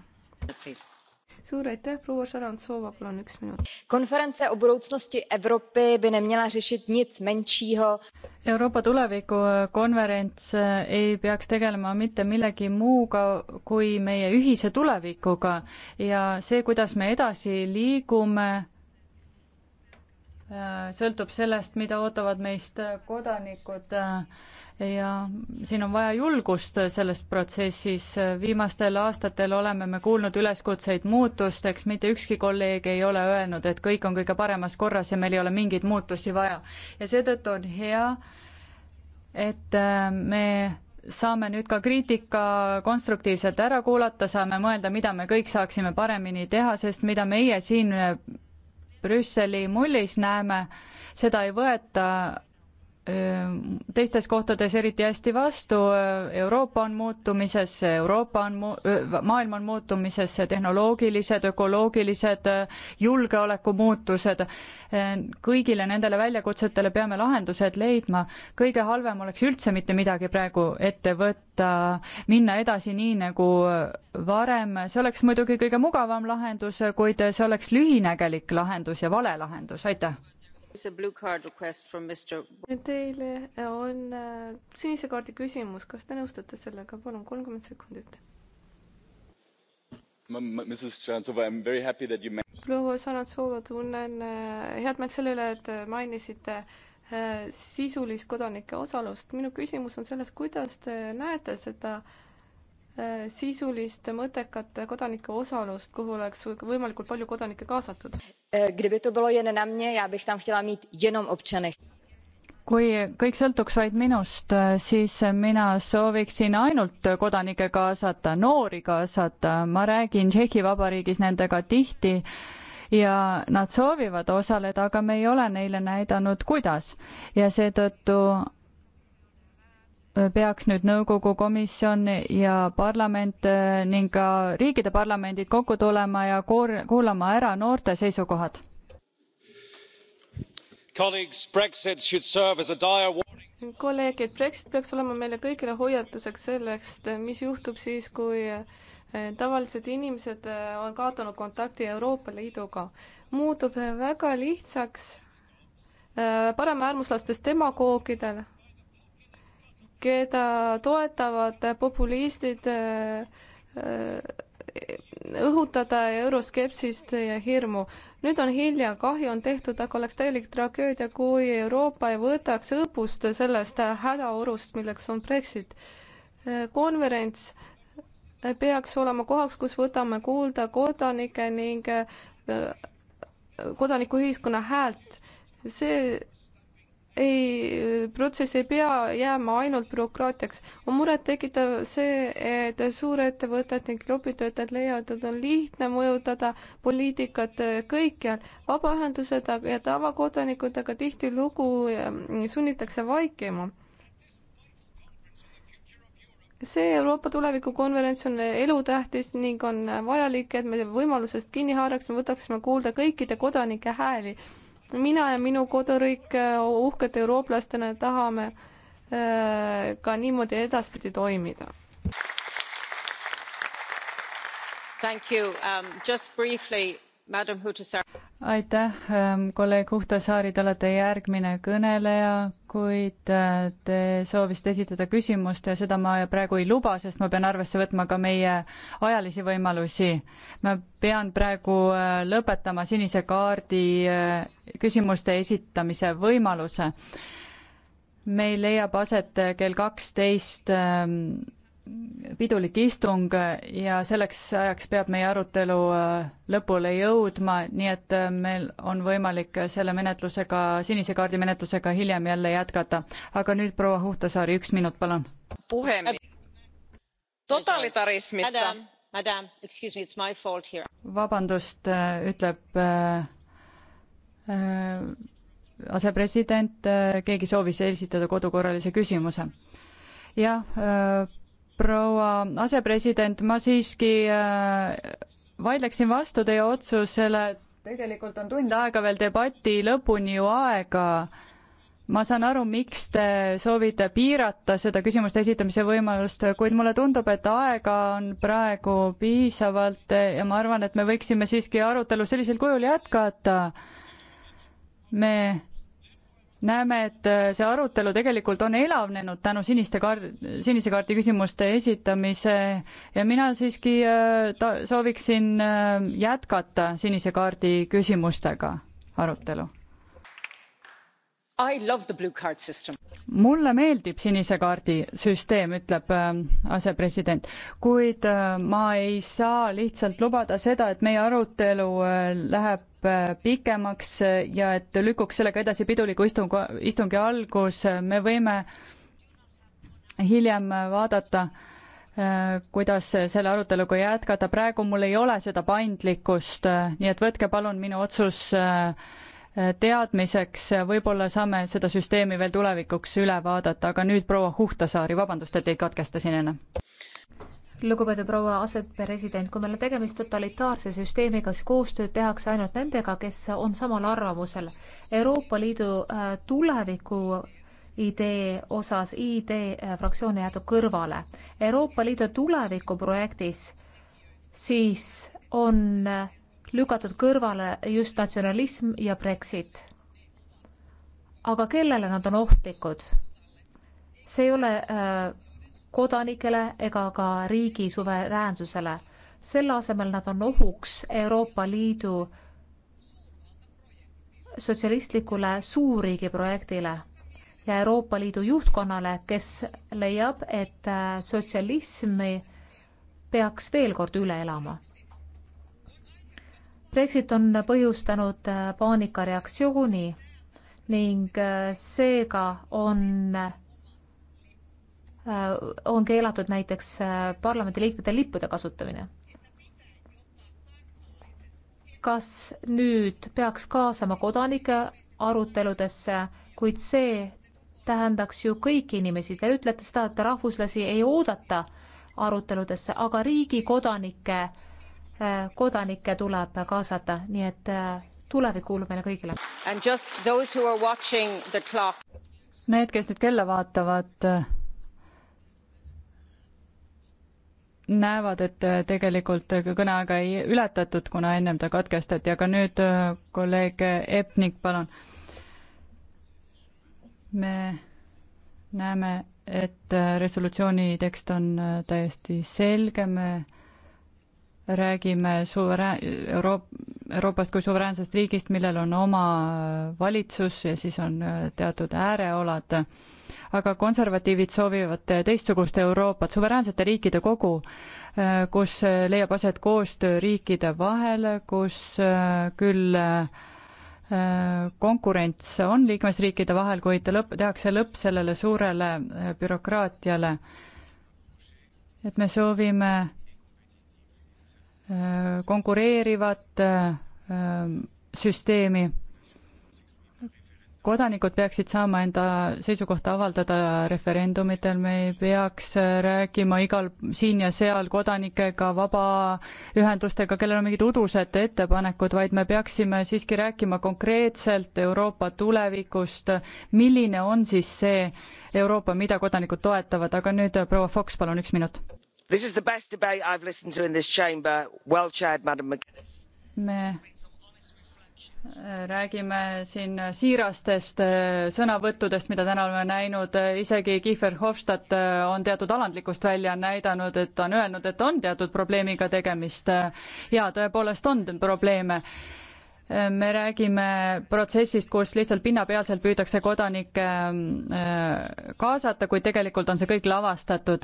suur aitäh, proua Šarantsova, palun üks minut. konverentse o budoucnosti Evropy by neměla řešit nic menšího. Euroopa tulevikukonverents eh, eh, ei peaks tegelema mitte millegi muuga kui meie ühise tulevikuga ja see, kuidas me edasi liigume, eh, sõltub sellest, mida ootavad meist kodanikud ja siin on vaja julgust selles protsessis. viimastel aastatel oleme me kuulnud üleskutseid muutusteks, mitte ükski kolleeg ei ole öelnud, et kõik on kõige paremas korras ja meil ei ole mingeid muutusi vaja. ja seetõttu on hea, et äh, me saame nüüd ka kriitika konstruktiivselt ära kuulata, saame mõelda, mida me kõik saaksime paremini teha, sest mida meie siin Brüsseli mullis näeme, seda ei võeta teistes kohtades eriti hästi vastu, Euroopa on muutumises, Euroopa on mu-, maailm on muutumises, tehnoloogilised, ökoloogilised, julgeoleku muutused, kõigile nendele väljakutsetele peame lahendused leidma, kõige halvem oleks üldse mitte midagi praegu ette võtta, minna edasi nii, nagu varem, see oleks muidugi kõige mugavam lahendus, kuid see oleks lühinägelik lahendus ja vale lahendus, aitäh! Teile on äh, sinise kaardi küsimus, kas te nõustute sellega, palun kolmkümmend sekundit. proua Sarantsoova, tunnen äh, head meelt selle üle, et äh, mainisite sisulist kodanike osalust. minu küsimus on selles, kuidas te näete seda äh, Äh, sisulist mõttekat kodanike osalust, kuhu oleks võimalikult palju kodanikke kaasatud. Äh, kui kõik sõltuks vaid minust, äh, siis mina sooviksin ainult kodanikke kaasata, noori kaasata, ma räägin Tšehhi Vabariigis nendega tihti ja nad soovivad osaleda, aga me ei ole neile näidanud, kuidas. ja seetõttu peaks nüüd nõukogu komisjon ja parlament äh, ning ka riikide parlamendid kokku tulema ja koor-, kuulama ära noorte seisukohad. kolleegid, Brexit peaks olema meile kõigile hoiatuseks sellest, mis juhtub siis, kui äh, tavalised inimesed äh, on kaotanud kontakti Euroopa Liiduga. muutub väga lihtsaks paremäärmuslastest demagoogidel keda toetavad populistid äh, äh, õhutada euroskepsist ja hirmu. nüüd on hilja, kahju on tehtud, aga oleks täielik tragöödia, kui Euroopa ei võtaks õppust sellest hädaorust, milleks on Brexit. Äh, konverents peaks olema kohaks, kus võtame kuulda kodanike ning kodanikuühiskonna häält. see ei, äh, protsess ei pea jääma ainult bürokraatiaks. on murettekitav see, et suurettevõtted ning lobitöötajad leiavad, et on lihtne mõjutada poliitikat äh, kõikjal. vabaühendused ja tavakodanikud aga tihtilugu ähm, sunnitakse vaikima see Euroopa tulevikukonverents on äh, elutähtis ning on vajalik, et me võimalusest kinni haaraksime, võtaksime kuulda kõikide kodanike hääli mina ja minu koduriik eh, uhkete eurooplastena tahame eh, ka niimoodi edaspidi toimida. Thank you um,. Just briefly aitäh, ähm, kolleeg Huhtasaari, te olete järgmine kõneleja, kuid äh, te soovisite esitada küsimust ja seda ma praegu ei luba, sest ma pean arvesse võtma ka meie ajalisi võimalusi. ma pean praegu äh, lõpetama sinise kaardi äh, küsimuste esitamise võimaluse. meil leiab aset kell kaksteist 12 ähm, pidulik istung ja selleks ajaks peab meie arutelu äh, lõpule jõudma, nii et äh, meil on võimalik selle menetlusega, sinise kaardi menetlusega hiljem jälle jätkata. aga nüüd proua Huhtasaari, üks minut, palun. totalitarismissa. vabandust, äh, ütleb äh, äh, asepresident äh,, keegi soovis esitada kodukorralise küsimuse. jah äh,, proua asepresident, ma siiski äh, vaidleksin vastu teie otsusele, tegelikult on tund aega veel debati lõpuni ju aega. ma saan aru, miks te soovite piirata seda küsimuste esitamise võimalust, kuid mulle tundub, et aega on praegu piisavalt ja ma arvan, et me võiksime siiski arutelu sellisel kujul jätkata. me näeme, et äh, see arutelu tegelikult on elavnenud tänu siniste kaard-, sinise kaardi küsimuste esitamise ja mina siiski äh, ta-, sooviksin äh, jätkata sinise kaardi küsimustega arutelu mulle meeldib sinise kaardi süsteem, ütleb äh, asepresident, kuid äh, ma ei saa lihtsalt lubada seda, et meie arutelu äh, läheb pikemaks ja et lükkuks sellega edasi piduliku istung, istungi algus, me võime hiljem vaadata, kuidas selle aruteluga jätkata, praegu mul ei ole seda paindlikkust, nii et võtke palun minu otsus äh, teadmiseks, võib-olla saame seda süsteemi veel tulevikuks üle vaadata, aga nüüd proua Huhtasaari, vabandust, et teid katkestasin enne. lugupeetud proua asepresident, kui meil on tegemist totalitaarse süsteemiga, siis koostööd tehakse ainult nendega, kes on samal arvamusel. Euroopa Liidu äh, tuleviku idee osas ID äh, fraktsioon jäetud kõrvale. Euroopa Liidu tulevikuprojektis siis on äh, lükatud kõrvale just natsionalism ja Brexit. aga kellele nad on ohtlikud? see ei ole äh, kodanikele ega ka riigi suveräänsusele. selle asemel nad on ohuks Euroopa Liidu sotsialistlikule suurriigiprojektile ja Euroopa Liidu juhtkonnale, kes leiab, et äh, sotsialismi peaks veel kord üle elama Brexit on põhjustanud äh, paanikareaktsiooni ning äh, seega on, äh, on keelatud näiteks parlamendiliikmete lippude kasutamine. kas nüüd peaks kaasama kodanike aruteludesse, kuid see tähendaks ju kõiki inimesi, te ütlete seda, et rahvuslasi ei oodata aruteludesse, aga riigi kodanikke äh, Äh, kodanikke tuleb kaasata, nii et äh, tulevik kuulub meile kõigile. Need, kes nüüd kella vaatavad, äh, näevad, et tegelikult kõneaega ei ületatud, kuna ennem ta katkestati, aga nüüd kolleeg Epnik, palun. me näeme, et resolutsiooni tekst on täiesti selge, me räägime suverään-, Euroop-, Euroopast kui suveräänsest riigist, millel on oma valitsus ja siis on äh, teatud äärealad, aga konservatiivid soovivad teistsugust Euroopat, suveräänsete riikide kogu, äh, kus äh, leiab aset koostöö riikide vahel, kus küll konkurents on liikmesriikide vahel, kuid lõpp, tehakse lõpp sellele suurele bürokraatiale. et me soovime konkureerivat äh, süsteemi. kodanikud peaksid saama enda seisukohta avaldada referendumitel, me ei peaks äh, rääkima igal siin ja seal kodanikega, vabaühendustega, kellel on mingid udused ettepanekud, vaid me peaksime siiski rääkima konkreetselt Euroopa tulevikust, milline on siis see Euroopa, mida kodanikud toetavad, aga nüüd äh, proua Fox, palun üks minut this is the best debate i've listened to in this chamber well chaired madam me äh, räägime siin siirastest äh, sõnavõttudest, mida täna oleme näinud, isegi Kiefer Hofstadt äh, on teatud alandlikkust välja näidanud, et on öelnud, et on teatud probleemiga tegemist. jaa, tõepoolest on probleeme me räägime protsessist, kus lihtsalt pinnapealselt püütakse kodanikke kaasata, kuid tegelikult on see kõik lavastatud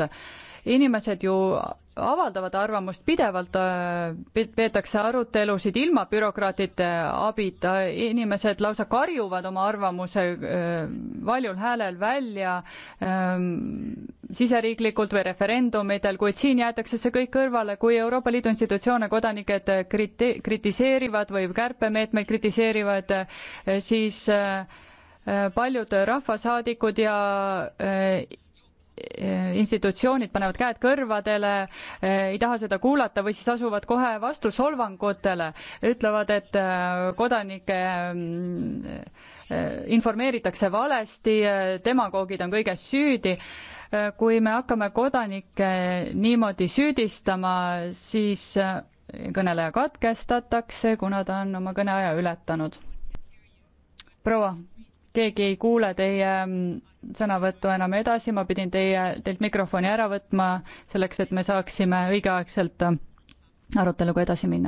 inimesed ju avaldavad arvamust pidevalt, äh, peetakse arutelusid ilma bürokraatide abita, inimesed lausa karjuvad oma arvamuse äh, valjul häälel välja ähm, siseriiklikult või referendumitel, kuid siin jäetakse see kõik kõrvale, kui Euroopa Liidu institutsioone kodanikud äh, kriti-, kritiseerivad või kärpemeetmeid kritiseerivad, siis paljud rahvasaadikud ja Eh, institutsioonid panevad käed kõrvadele, eh, ei taha seda kuulata või siis asuvad kohe vastu solvangutele, ütlevad, et eh, kodanike mm, informeeritakse valesti, demagoogid on kõiges süüdi. kui me hakkame kodanikke niimoodi süüdistama, siis kõneleja katkestatakse, kuna ta on oma kõneaja ületanud. proua keegi ei kuule teie mm, sõnavõttu enam edasi, ma pidin teie, teilt mikrofoni ära võtma selleks, et me saaksime õigeaegselt äh, aruteluga edasi minna.